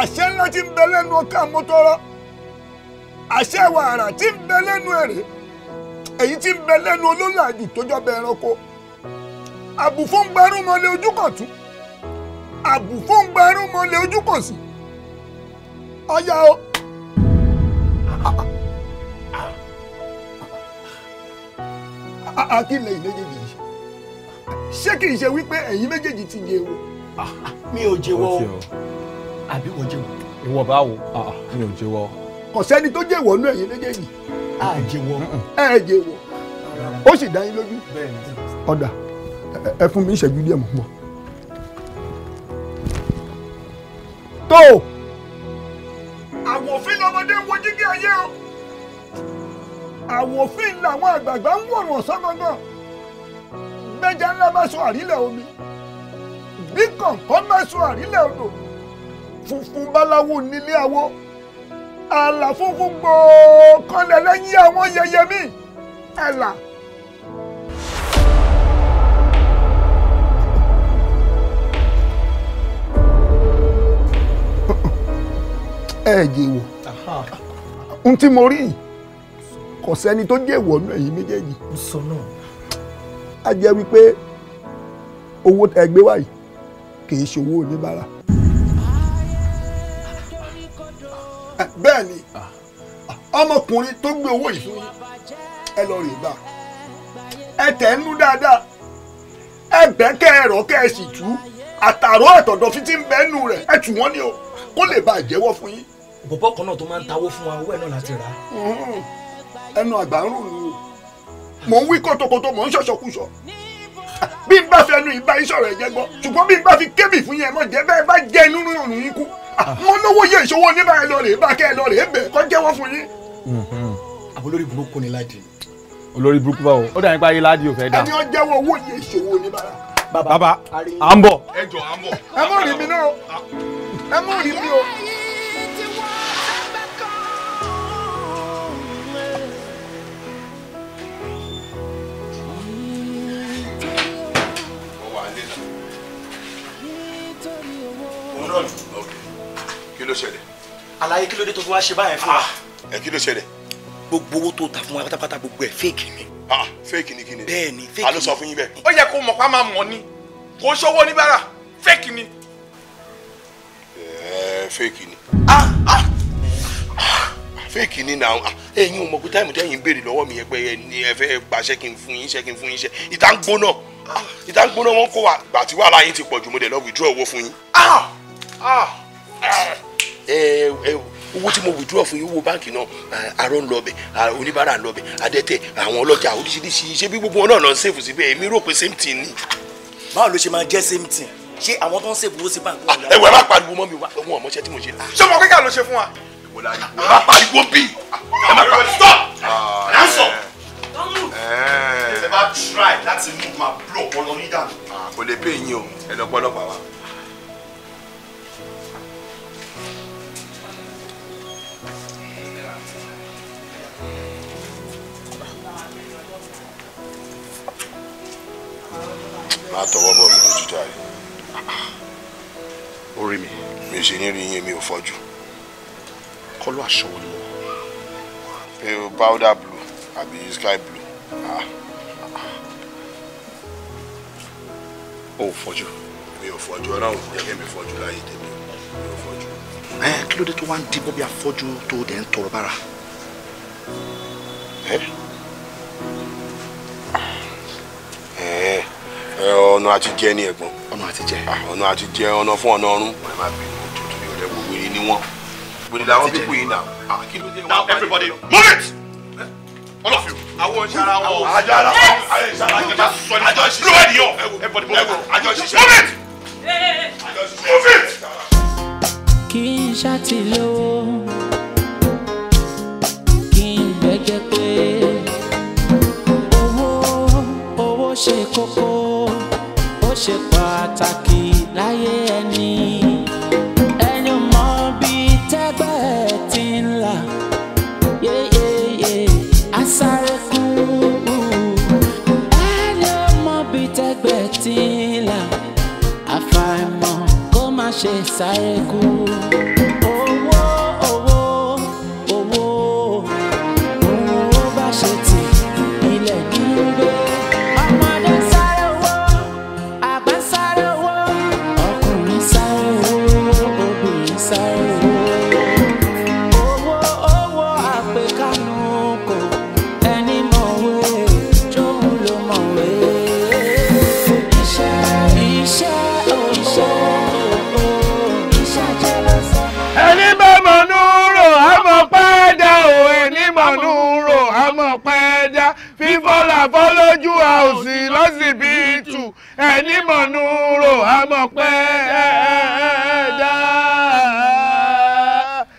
àṣẹ ńlá tí ń bẹ lẹ́nu ọkà mọtọrọ àṣẹ wàrà tí ń bẹ lẹ́nu èrè èyí tí ń bẹ lẹ́nu olólàjù tó jọ bẹ ẹranko àbùfóńgbárùmọ̀lẹ̀ ojúkọ̀tún àbùfóńgbárùmọ̀lẹ̀ ojúkọ̀sí ọ̀yà o. akílẹ̀ yìí méjèèjì yìí ṣé kì í ṣe wípé ẹ̀yin méjèèjì ti jẹ ewo. mi ò jẹ́wọ́ àbí wọ́n jẹ́wọ́. ìwọ báwo ah, ah. mi ò jẹ́wọ́. kò sẹ́ni tó jẹ́wọ́ nú ẹ̀yin méjèèjì. a jẹ́wọ́. ẹ jẹ́wọ́ ó sì dá yín lójú. ọ̀dà ẹ fún mi ìṣẹ́jú díẹ̀ mọ̀ mọ́. tó. àwòfin lọmọdé wojú kí ayé o àwòfín làwọn àgbààgbà ń wòrùn ọ̀sánmọ́ náà gbẹ́jà ńlá bá sọ àrílẹ̀ omi bí kọ̀ǹkọ́ bá sọ àrílẹ̀ odò funfun báláwo nílé awo àlà funfun gbòó kọlẹ̀ lẹ́yìn àwọn yẹyẹ mi àlà. ẹ jẹ́ wò ohun tí mo rí yìí kò sẹ́ni tó dé èèwọ̀ nù ẹ̀yin méjèèjì. ó sọ náà. a jẹ́ wípé owó ẹgbẹ́ wa yìí kì í ṣòwò oníbàárà. bẹ́ẹ̀ ni ọmọkùnrin tó gbé owó yìí fún yín ẹ lọ rè bá ẹ tẹ̀ ń nú dáadáa ẹ bẹ́ kẹ́ ẹ rọ̀ kẹ́ ẹ sì tú àtàrọ̀ àtọ̀dọ̀ fi ti ń bẹ́ẹ̀ nù rẹ̀ ẹ tù wọ́n ni o kó lè bá a fún yín. bọ̀bọ̀ kan náà tó máa ń tawó fún wa owó ẹ̀ náà láti rà á ẹnu àgbà ń rò ní o mò ń wí kótókótó mò ń ṣọṣọkúṣọ bí n bá fi ẹnu ìbá iṣọ rẹ jẹ gbọ ṣùgbọ́n bí n bá fi kébì fún yẹn mọ jẹ bẹ́ẹ̀ bá jẹ inú rírun yín kú mo lówó yẹ ìṣòwò ní báyìí lọ rèé bá kẹ́ ẹ lọ rèé bẹ̀ kọ́ jẹ́wọ́ fún yín. Mhm. àbò lórí burúkú ni láti. olórí burúkú báwo ó dà nípa ayé ládìí ò fẹ́ ẹni ó jẹ́wọ́ owó yẹ ìṣòwò ní bàbá à ń bọ̀. ẹ jọ à ń bọ̀. ẹ mọ̀ rí mi náà ẹ mọ̀ rí mi o. náà lù. kí ló ṣẹlẹ̀. àlàyé kí ló dé tó fi wá ṣe báyẹn fún wa. Ah, ẹ kí ló ṣẹlẹ̀. gbogbo owó tó ta fún wa pátápátá gbogbo ẹ fake ni. ah fake ni kí ni. bẹ́ẹ̀ ni fake ni. alo sọ fún yín bẹ́ẹ̀. ó yẹ kó mọ̀ pa máa mọ̀ ni kò sówó oníbàárà fake ni. ẹẹ eh, fake ni. ah ah, ah fake ni na ah, ẹ̀yin ò mọ̀ pé táìmù tẹ́yin béèrè lọ́wọ́ mi yẹn pé ẹ fẹ́ gbàṣẹ́ kí n fún yín iṣẹ́ kí n fún yín iṣẹ́ ìta ń gbóná ìta ń gbóná wọn kó wa gbàtí wàhálà yín ti pọ̀ jù mo dẹ̀ lọ withdraw owó fún yín. Ah. Eh, eh, owó tí mo withdraw fún yín owó báǹkì náà arọ eh, ń lọ bẹ oníbàárà ń lọ bẹ adẹ́tẹ̀ àwọn ọlọ́jà oríṣiríṣi ṣé bí gbogbo wọn náà lọ ń sèfù síbẹ̀ èmi rò pé same thing ni. báwo ló ṣe máa jẹ́ same thing ṣé àwọn tó ń sèfù owó sí báǹkì wọn. Ah, ẹwẹ má pariwo mọ́ mi wá ohun ọmọọṣẹ tí mo ṣe. ṣé ọmọ kékeré ló ṣe fún wa. ìwọ la yìí wọ́n má pariwo bí. ẹ má pariwo stop. ránṣọ. Ah, ẹ bá try láti move my blow ọlọ́rí dànù. kò lè pè yín o ẹ lọ pọ́lọ́pàá wa. má tọwọ́ bọ̀ mí lójú járe ó rí mi mi ò ṣe ní rí yín mi ò fọ́jú kọ́lọ́ aṣọ wo ni mo pale powder blue àbí sky blue ah, ah, ah. ó fọ́jú mi ò fọ́jú ọlọ́run jẹ́ kí mi fọ́jú láyé tèmi mi ò fọ́jú. ẹ kí ló dé tó wá ń dìbò bí afọ́jú tó dẹ̀ ń tọrọ bára. ẹ ẹ ọ̀nà àti jẹ ní ẹ̀gbọ́n. ọ̀nà àti jẹ. Ah, ọ̀nà àti jẹ ọ̀nà fún ọ̀nà ọ̀run. ẹ má bínú tuntun ní ọ̀rẹ́ gbogbo yìí ni wọ́n. gbogbo ìlànà wọn pípọ̀ yìí náà. Ah, now everybody move it. all of you. àwọn ìṣara wọn. àjọ ara wọn. àjọ ìṣara wọn. àjọ ìṣiṣẹ́ wọn. àjọ ìṣiṣẹ́ wọn. àjọ ìṣiṣẹ́ wọn. move it. move it. kì í ṣàtìlówó kì í gbẹ́jẹ́ pé owó owó ṣe kókó ṣe pàtàkì láyé ẹni ẹni mọ bí tẹ́gbẹ́ ti ń là yéyéyé asáré kú ẹni mọ bí tẹ́gbẹ́ ti ń là àfàìmọ̀ kó má ṣe sáré kú. ẹni mọ̀nú rò àmọ̀ pé ẹ̀ẹ́dá.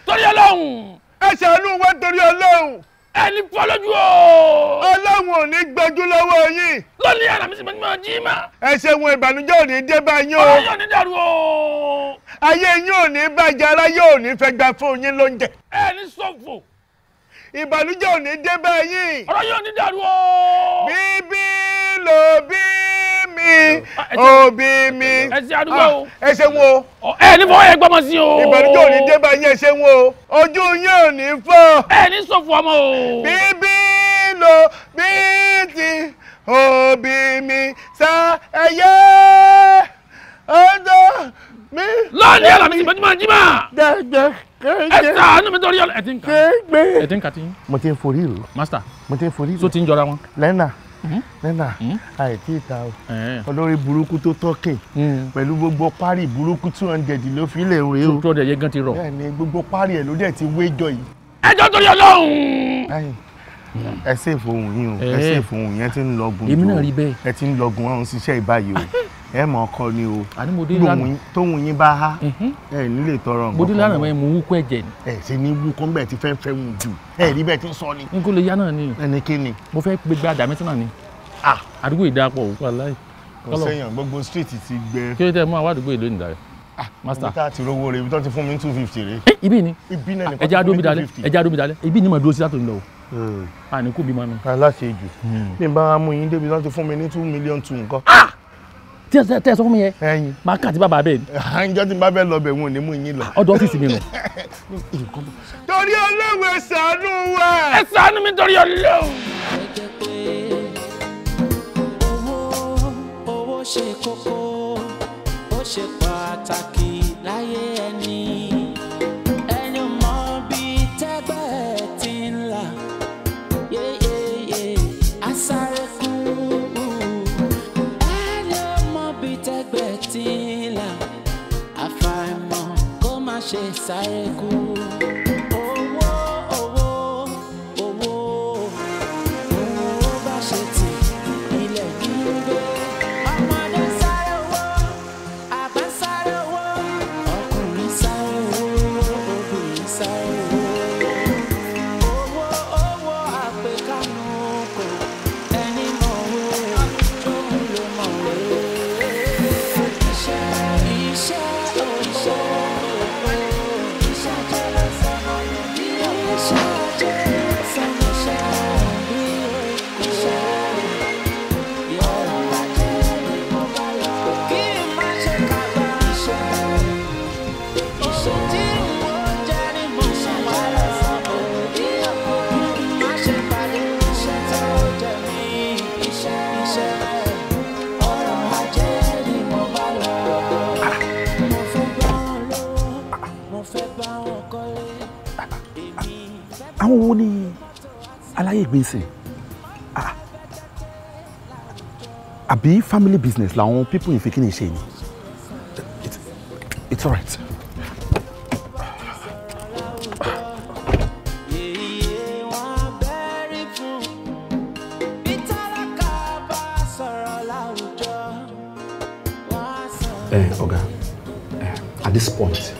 torí ọlọ́run. ẹ ṣàánú wa torí ọlọ́run. ẹni fọ́ lójú o. ọlọ́run ò ní gbẹ́jú lọ́wọ́ yín. lónìí ara mi sì máa jí mà. ẹ ṣeun ìbànújẹ́ ò ní dé bá yín o. ọlọ́run ò ní dàrú o. ayé yín ò ní bàjẹ́ aráyé ò ní fẹ́ gbà fún yín lóúnjẹ. ẹni ṣọ̀fọ̀ ìbànújẹ́ ò ní dé bẹ́ẹ̀ yìí. ọ̀rọ̀ yóò ní dàrú o. bíbí ló bí mi òbí mi. ẹ ṣe àdúgbò ah, o. ẹ ṣe wo. ẹ ní fọwọ́ yẹn gbọ́mọ sí o. ìbànújẹ́ ò ní dé bẹ́ẹ̀ yẹn ṣe wo. ojú yín ní fọ́. ẹ ní sọ̀fù ọmọ o. bíbí ló bí ti òbí mi sá ẹyẹ ọjọ́ mi. lọ́ọ̀ni ẹ̀rọ mi ìbọn jí mà. dẹ́gbẹ́ kéèké ẹ̀ta àánú mi torí ọ̀la ẹ̀ ti ń kà mo ti ń forí ìlú. master mo ti ń forí ìlú. so ti ń jọra wọn. lẹ́nà hmm? lẹ́nà hmm? àìtí ìta o eh. olórí burúkú tó tọ́kè hmm. pẹ̀lú gbogbo pari burúkú two hundred ló fi lè rè o. tó dẹ̀ yẹ gan ti rọ. bẹ́ẹ̀ni gbogbo pari ẹ̀ ló dẹ̀ ti wéjọ yìí. ẹjọ́ torí ọlọ́run ẹ ṣèfò ohun o ẹ ṣèfò eh. ohun yẹn ti ń lọgun jù ẹ ti ń lọgun ọ̀hún ṣiṣẹ́ ìbáyìí o. *laughs* ẹ mọ ọkọ ni o tóun yín bá há ẹ nílé tọrọ nǹkan kan mo dín lánàá mo wúkọ ẹ̀jẹ̀ ni. ẹ ṣe ní wúkọ ń bẹ ti fẹ́ fẹ́ wù jù ẹ rí bẹ́ẹ̀ ti ń sọ ni. n kò lè yá náà ni. ẹni kí ni. mo fẹ́ gbé gba àdàmẹ́tì náà ni. àdúgbò ìdàpọ̀ òkú aláì. kò sẹ́yìn gbogbo street ti gbẹ. kí ló dé mú àwọn àdúgbò ìlú ìdàrẹ. master ibi tá a ti rówó rẹ ibi tó ti fún mi two fifty rẹ. ibi ni ẹja adó mi dalẹ ẹja adó mi dalẹ ibi ni mo dúró sí látòun lọ o hmm. àníkù bímọ mi. aláṣejù hmm. bí n bá mú yín débi tó ti fún mi ní two million two nǹkan tí ẹ tẹ sọ fún mi yẹn máa kàn tí bàbá bẹ́ẹ̀ ni. àǹjọ́ tí bá bẹ́ẹ̀ lọ bẹ̀ wọn ò ní mú yín lọ. ọ̀dọ̀ ọ́fíìsì mi nù. *laughs* torí Ọlọ́run ẹ wa. ẹ mi torí Ọlọ́run. owó owó ṣe kókó ó ṣe pàtàkì láyé ẹni. ṣe sáré kú. bí nsìn ah àbí family business làwọn people yìí fi kí ni ni it's it's alright. Eh, Oga, eh, at this point,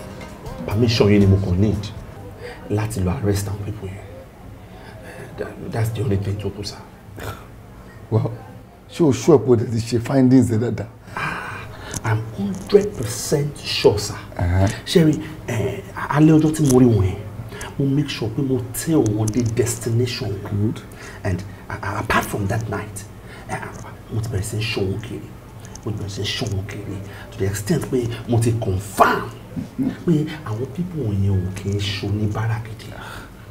permission you need let's arrest some people yẹn the only thing tó kù well ṣé o ṣú ọ̀pọ̀ òde ti ṣe findings that. dáadáa. Ah, i'm 100% sure sir. ṣẹ́rí alẹ́ ọjọ́ tí mo rí wọn yẹn mo make sure we mo tẹ́ wọn dé destination wọn and uh, apart from that night mo ti bẹ̀rẹ̀ sí ṣòwò kiri mo ti bẹ̀rẹ̀ sí to the extent we want to confirm, we àwọn people yẹn know kì í ṣoníbàárà gidi.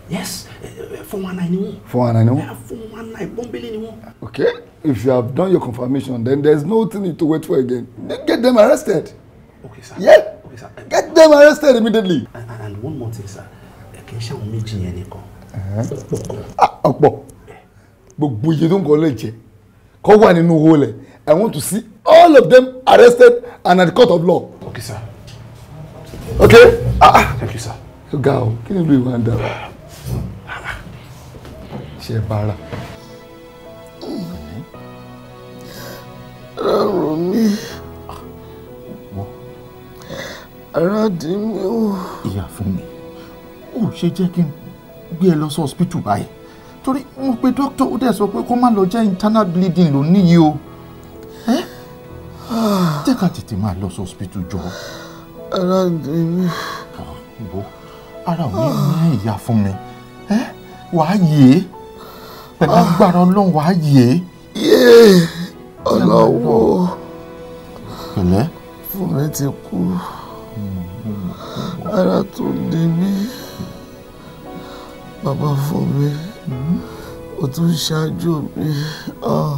Yes, uh, 419 ni one, 419 ni wọ́n? one, 419 Bombele ni wọ́n. Okay, if you have done your confirmation, then there's nothing you to wait for again. Get them arrested. Okay, sir. Yeah. Okay, sir. Get them arrested immediately. And, and, one more thing, sir. Can í ṣe àwọn méjì yẹn nìkan. Ọ̀pọ̀ kan. Ah, ọ̀pọ̀. Gbogbo iye tó ń kọ́ lè jẹ́. Kọ́ wà nínú owó rẹ̀. I want to see all of them arrested and at the court of law. Okay, sir. Okay. Ah. ah. Thank you, sir. Ṣé o ga o? Kí ni ìlú ìwà ń dà ṣe bára. rárùn mi aládì mi ò. ìyá fún mi ò ṣe jẹ́ kí n gbé ẹ lọ sí hospital báyìí torí mo pe dókítà ó dẹ̀ sọ pé kó má lọ jẹ́ internal bleeding ló níyì o jẹ́ ká tètè máa lọ sí hospital jọ. aládì mi. ìbò ara ò ní ní ìyá fún mi ẹ wàá yè é pẹ̀lú ah. agbára ọlọ́run wàá yè é. yéè ọlọ́wọ́ pẹ̀lẹ́ fún mi ti kú ara tó ní mí bàbá fún mi ó tún ṣáájú mi. Ah.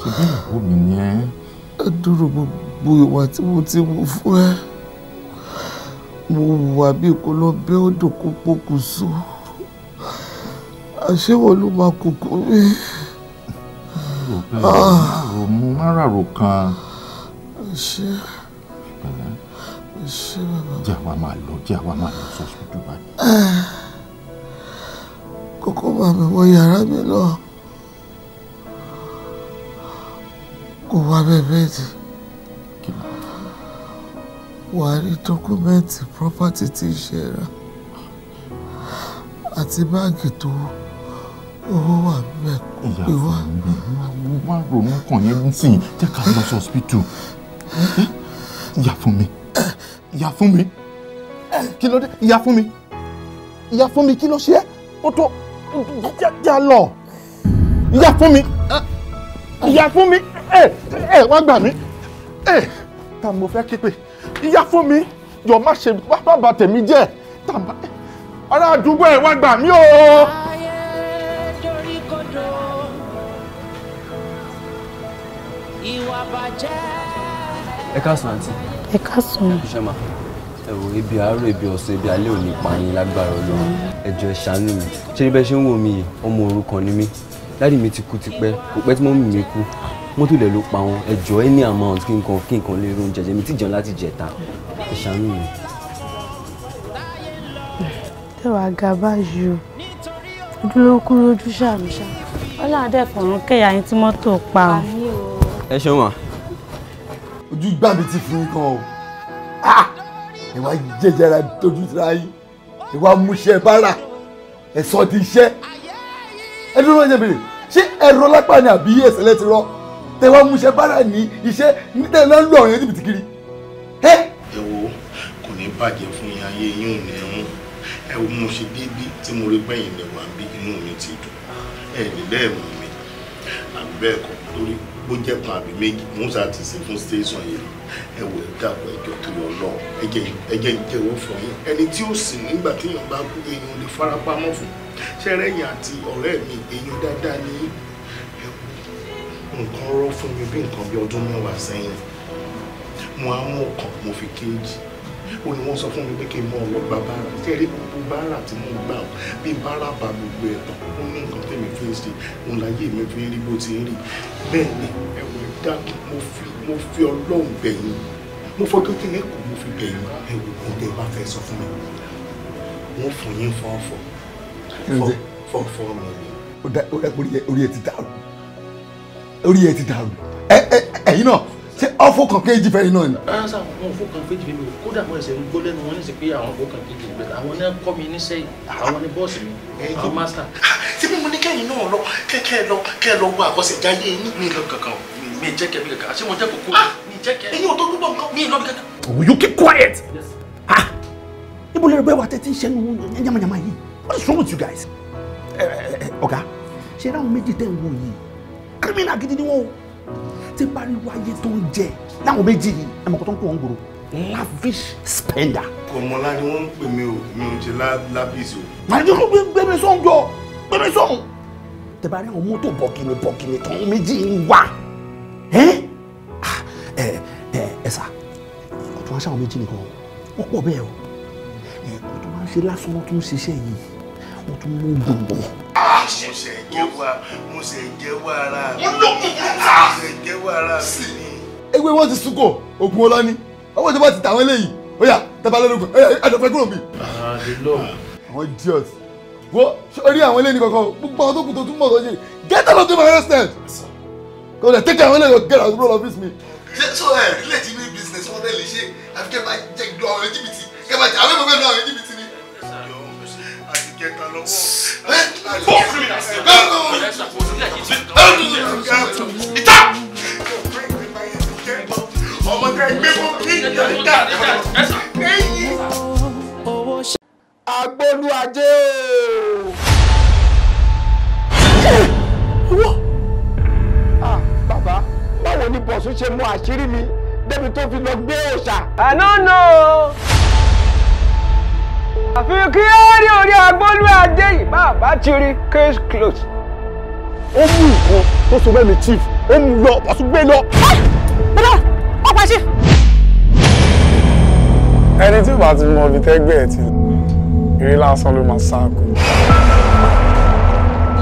ṣèbí ìyàwó mi ni ẹ. ẹ dúró gbogbo ìwà tí mo ti wù fún ẹ mo wà bí kò lọ kó pokùnso àṣewò ló máa kókó mi. rò mú márààrò kan. ṣé ṣé bàbá. jẹ́ àwa máa lọ jẹ́ àwa máa lọ sọ sójú báyìí. *sighs* kókó bàbá wọ yàrá mi lọ kò wá bẹ́ẹ̀ tí wàá rí dọ́kúmẹ́ǹtì property tí ìṣe rà àti báàgì tó wọ́n owó wà níbẹ̀ ìwọ. wá ronú kàn yẹn nísìnyí jẹ́ ká lọ sí hospital ìyá fún mi ìyá fún mi kí ló dé ìyá fún mi ìyá fún mi kí ló ṣe é ó tó já lọ ìyá fún mi ìyá fún mi ẹ ẹ wá gbà mí ẹ ta mo fẹ́ képe ìyá fún mi yọ má ṣe bàbá tèmi jẹ́ tàbá ará àdúgbò ẹ wá gbà mí o. ìwà bàjẹ́. ẹ káàsán àǹtí. ẹ káàsán. ṣé máa ẹ wo ebi àárọ̀ ebi ọ̀sán ebi alẹ́ òní pààyàn lágbára Ọlọ́run ẹ ẹ ṣàánú mi ṣé bí ẹ ṣe ń wò mí ọmọ òrukàn ni mí dáàdì mi ti kú tipẹ́ kò pẹ́ tí mọ́mì mi kú mọ́tò ilẹ̀ ló pa wọn ẹ jọ̀ọ́ amount kí nǹkan kí nǹkan lè rún jẹjẹ mi ti jẹun láti jẹta ẹ ṣàánú mi. tẹwàá ga báyìí o ojúlówó kúrò ojú ṣàmùṣà ọlọ́run adẹ́fọ̀rún kẹyà yín tí mọ́tò pa ọ́ ẹ ṣeun wa. ojú gbà mí ti fún yín kan o ah! ìwà jẹjẹrẹ dojú síra yín ìwà múṣẹ bára ẹ̀sọ́ ti ṣẹ́ ẹ dúró lóye bèrè ṣé ẹ̀rọ lápá ni àbí ẹ̀sẹ̀lẹ̀ ti rọ tẹ̀wá múṣẹ bára ní iṣẹ́ níta iná lù àwọn yẹn jìbìtì kiri. ẹ wo kò ní bàjẹ́ fún yín ayé yín ò ní ẹ̀hún ẹ wo mo ṣe débi tí mo rí gbẹ̀yìn lẹ̀ wá bí inú mi ti dùn ẹ̀ ní bẹ́ẹ̀ mọ̀ mi àbí bẹ́ẹ̀ kọ́ lórí bó jẹ́ kan àbí méjì musa ti ṣe fún station yẹn ẹ wò ẹ dàpọ̀ tó yọ lọ ẹ jẹ́ ń jẹ́wọ́ fún yín ẹni tí ó sì nígbà téèyàn bá kú èèyàn lè farapamọ́ fún ṣẹ́rẹ́yìn àti ọ̀rẹ́ mi èèyàn dáadáa ní nǹkan rọ́ fún mi bí nǹkan bí ọdún mẹ́wàá sẹ́yìn mo á mú ọkàn mo fi kéèjì ó ní wọ́n sọ fún mi pé kí n mọ ọlọ́gbà bára tí gbogbo bára tí mo gbà bíi bára bá gbogbo ẹ̀tàn ó ní nǹkan tó Wednesday òun láyé mi fi ń rí bó ti ń rí bẹ́ẹ̀ ni ẹ̀wọ̀n dákun mo fi mo fi ọlọ́run bẹ̀yìn mo fọdún tí ẹ mo fi bẹ̀yìn ẹ̀wọ̀n kò tẹ́ ẹ bá fẹ́ sọ fún mi wọ́n fún yín fọ́ọ̀fọ́ fọ́ọ̀fọ́ ọ̀rọ̀ mi. ó dá orí ẹ ti dàrú orí ẹ ti dàrú ẹ̀yin náà ṣé ọ̀fọ̀ kan kéjì fẹ́ iná ni. rárá sá wọn fún kan kéjì mi kódà mo ẹsẹ̀ gbó lẹ́nu wọn níṣẹ́ pé àwọn fún kan kéjì mi àwọn ní kọ́ mi níṣẹ́ àwọn ní bọ́ọ̀sì mi àwọn mástà. tí mo ní kẹ́yìn náà lọ kẹ́kẹ́ lọ kẹ́ lọ wọ àkọsẹ̀jáyé yín mi lọ kankan mi jẹ́ kẹ́ mi kankan àṣé mo jẹ́ kókó ah! mi jẹ́ kẹ́ ẹ̀yin ò tó dúpọ̀ nǹkan mi lọ mi kankan. Will oh, you keep quiet? ah ibo lè rẹ bẹ́ẹ̀ wà tẹ́tí iṣẹ́ nu what is wrong with you guys? Eh, eh, eh, ọ̀gá ṣe ráwọn méjì tẹ́ ń wò yìí kírímìnà gidi ni wọ́n o tí pariwo ayé tó ń jẹ láwọn méjì yìí ẹ mọ̀kọ́ ń kó wọn gbòòrò lavish spender. kọmọlá ni wọn ń pè mí o mi ò ṣe lábìsì o. màdìjọ́ kò gbé gbé mi sọ́hún jọ gbé mi sọ́hún. tẹ̀bá àwọn mọ́tò bọ̀kìnì bọ̀kìnì tó ń méjì ń wà ah, ẹ ẹ ẹ sà ọ̀tún aṣáwọn méjì nìkan wọ́n pọ̀ bẹ́ẹ̀ o ẹ̀ ọ̀tún máa ṣe lásán tó ń ṣiṣẹ́ yìí wọ́n tún mú gbòǹgbò mo ṣe jẹ́wọ́ mo ṣe jẹ́wọ́ ara mi mo ṣe jẹ́wọ́ ara mi ni. ewé wọn ti sunko oògùn ọlá ni ọwọ́ ìjọba ti tàwọn eléyìí ó yá tẹ́fà lẹ́nugun ó yá àjọpẹ́ kúrò mi. Ah, àwọn idiot wo orí àwọn eléyìí kankan gbogbo àwọn tó kù tó túmọ̀ tó ṣe get out of my arrested kò lè tẹ́kẹ̀ àwọn eléyìí get out of my office mi. ṣé sọ ẹ rílẹ̀ tí ní business wọn fẹ́ lè ṣe àfi kẹ́ máa jẹ́ gbọ́ àwọn lgbt kẹ́ máa jẹ́ àwọn èèyàn gbọ́ àwọn lgbt ni. àti kẹta lọ́wọ́. Four criminals. Ìta. Agbolu ajé o. Ah, bàbá, báwo ni bọ̀sùn ṣe mú àṣírí mi débi tó fi lọ gbé òòṣà? I don't know àfi kí ẹ rí orí agbólú ajé yìí bá a bá ti rí case closed. ó mú nǹkan tó so mẹ́mi chief ó mú lọ wàásù gbé lọ. bàbá ọkọ chief. ẹni tí bàbá ti mọ ibi tẹ́gbẹ́ ẹ̀ ti eré lásán ló máa ṣáàkó.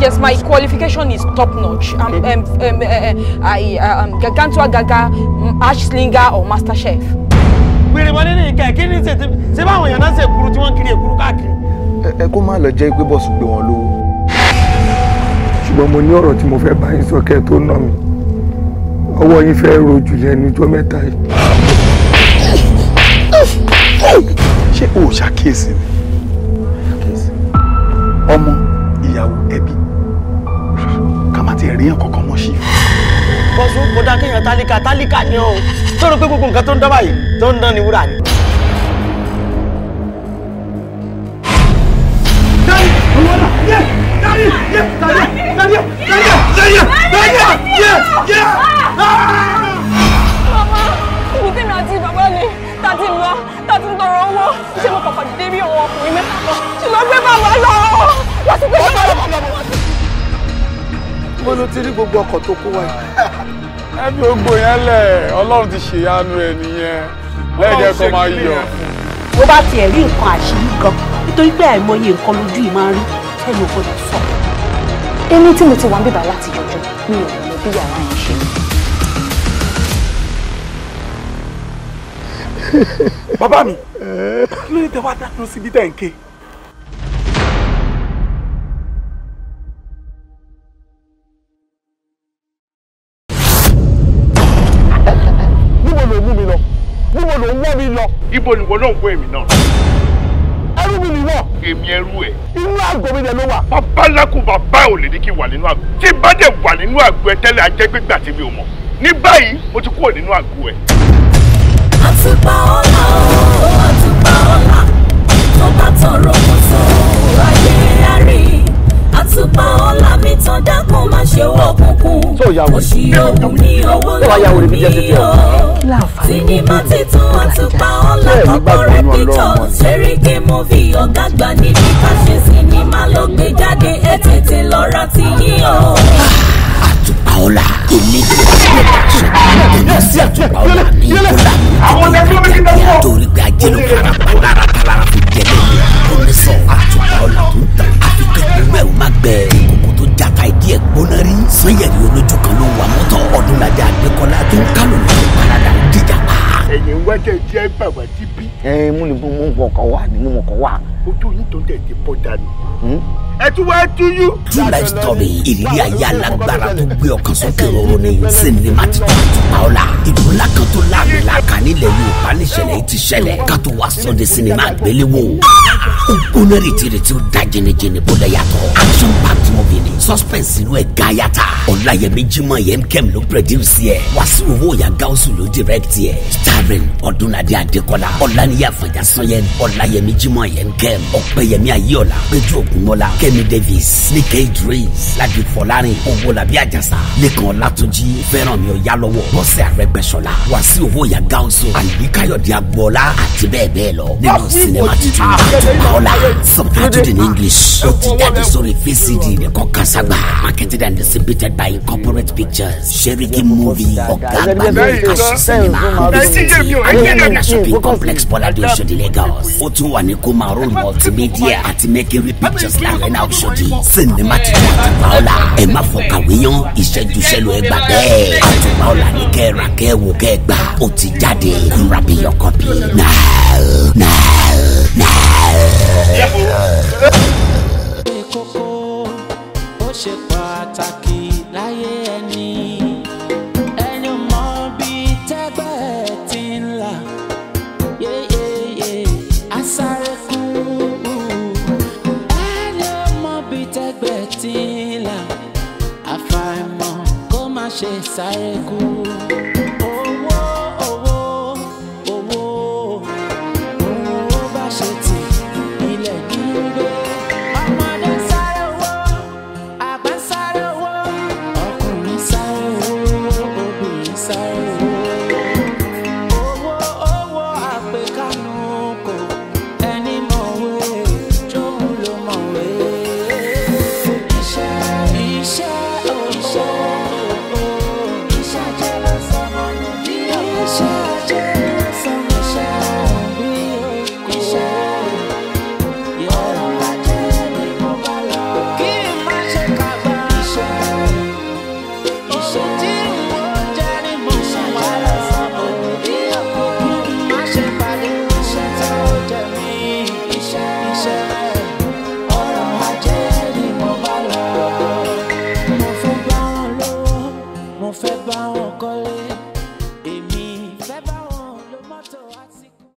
Yes, my qualification is top-notch. I'm um, um, uh, I, uh, um, Gargantua Gaga, Ash Slinger or Master Chef wèrè wọlé ní ìka kí ni ṣe báwọn èèyàn náà ṣe kúrú tí wọ́n kiri èkúrú káàkiri. ẹ kó má lọ jẹ́ pé bọ́ọ̀sì gbé wọn lówó. ṣùgbọ́n mo ní ọ̀rọ̀ tí mo fẹ́ bá yín sọ kẹ́ tó nà mí ọwọ́ yín fẹ́ rojú lẹ́nu ọjọ́ mẹ́ta yìí. ṣé o ṣàkíyèsí ni ọmọ ìyàwó ẹbí ká ti rí yàn kankan mọ́ ṣì fún bọ́sùn kò dá kéèyàn tálíkà tálíkà ni o tó rò pé gbogbo nǹkan tó ń dán báyìí tó ń dán ni wúrà ni. Mama, ibi tí mi àti bàbá mi ta ti lọ, ta ti tọrọ owó. Ṣé mo pàpà dé bí àwọn ọkùnrin mẹ́ta lọ? Ṣùgbọ́n gbé bàbá lọ, wọ́n ti gbé bàbá mo ló ti rí gbogbo ọkọ̀ tó kó wa *laughs* yìí. ẹbí ogbó yẹn lẹ Ọlọ́run ti ṣèyanu ẹ nìyẹn lẹẹjẹ kan máa yọ. bó bá tiẹ̀ rí nǹkan àṣírí gan nítorí pé àìmọye nǹkan lójú ì máa ń rí ẹnu kò lè sọ. èmi tí mo ti wà ń bèbà láti jọjọ mi ò mọ bí yàrá yẹn ṣe rí. bàbá mi kí ló dé tẹ wá dáná síbi tẹ̀ ibo ni wọn náà ń kó èmi náà. ẹrú mi nìwọ. èmi ẹrú ẹ. inú àgọ́ mi dẹ̀ ló wà. babaláku bàbá ò lè ní kí wà nínú àgọ́. tí bá dẹ̀ wà nínú àgọ́ ẹ tẹ́lẹ̀ ajẹ́ gbégbà tí mi ò mọ̀. ní báyìí mo ti kúrò nínú àgọ́ ẹ. àtùpà ọ̀la ó àtùpà ọ̀la tó bá tọrọ àtúpà ọ̀la mi tán dákun má ṣe owó òkùnkùn òṣì òkùn ní owó lórí mi o sinimá títún àtúpà ọ̀la kọ́kọ́ rẹ̀ pítọ̀ Seriki movie ọ̀gá àgbà níbi ká ṣe sinimá ló gbé jáde ẹ tètè lọ ra tiyín o. àtúpà ọ̀la kò ní kí n lọ sí àtúpà ọ̀la ní ìkọlà àwọn ẹgbẹ́ mi kí n lọ fún ọ. torí pé ajé ló kára pa lára tálára fi jẹ́ lẹ́yìn kò ní sọ tó ta bẹ́ẹ̀ o má gbẹ kókó tó jaka ìdí ẹ̀ gbóná rí sanyẹ̀rì olójú kan ló wà mọ́tọ̀ ọdúnladé àgbẹ̀kọ́lá tó ń kálò ló ń parada ó dìjà pa. bàbá tí bí. ẹ mú ni mo mọ̀ kọ́ wá ni mo mọ̀ kọ́ wá ojú yín tó ń tẹ̀ ti bọ́ dànù. Hmm? ẹ tún wá túyú. true life story ìrírí ayé alágbára tó gbé ọkàn sókè rọrùn ni sinimá ti tó tupa ọ̀la. ìdùnnú ńlá kan tó láàmì láàkà nílẹ̀ Yorùbá níṣẹ̀lẹ̀ ti ṣẹlẹ̀ ká tó wá sọ de sinimá àgbéléwò. ó gbóná rìtìrìtì ó da jìnnìjìnnì bọ́lẹ̀ yàtọ̀. action packed movie ni suspense inú ẹ̀ ga yàtà. ọ̀làyẹmí jimoh yẹn kẹ́mi ló produce yẹ. wàásù owó ìyá gáúsù ló direct yẹ. starring ọdúnnadé adékọlá ọ̀làníyà fàjàsán yẹn ọ̀làyẹmí jimoh yẹn kẹ́ FM ọ̀pẹ̀yẹmí ayéọ̀la péjú ògúnmọ́lá kẹ́mi davis nike idris ladi fọlárin owólabí àjàsà lẹ́kàn ọlátúnjí fẹ́rànmi ọ̀yálọ́wọ́ bọ́sẹ̀ arẹ́gbẹ́sọ̀la wàsí owó ìyá gáúsù àyíní káyọ̀dé àti bẹ́ẹ̀ bẹ́ẹ̀ lọ nínú sinimá titun ọ̀la subtitled in english ó ti jáde sórí vcd nìkan káságbà marketed and distributed by corporate pictures seriki movie ọ̀gá àgbàlẹ̀ ìkàṣí sinimá vcd ayélujára shopping complex bọ́ládé Òṣòdì Lagos ó tún wà ní kó máa rólùmọ́ multimedia àti mercury pictures làrẹ́nà ọ̀ṣọ́dì sinimá ti tún àtùpà ọ̀la ẹ̀ má fọkàwé yan ìṣẹ́júṣẹ́lu ẹ̀ gbà bẹ́ẹ̀ àtùpà ọ̀la ni kẹ́ẹ̀rà kẹ́ẹ̀wò kẹ́ẹ̀gbà ó ti jáde kúnra bí your copy náà náà náà. ṣe ó ṣe pàtàkì. 在。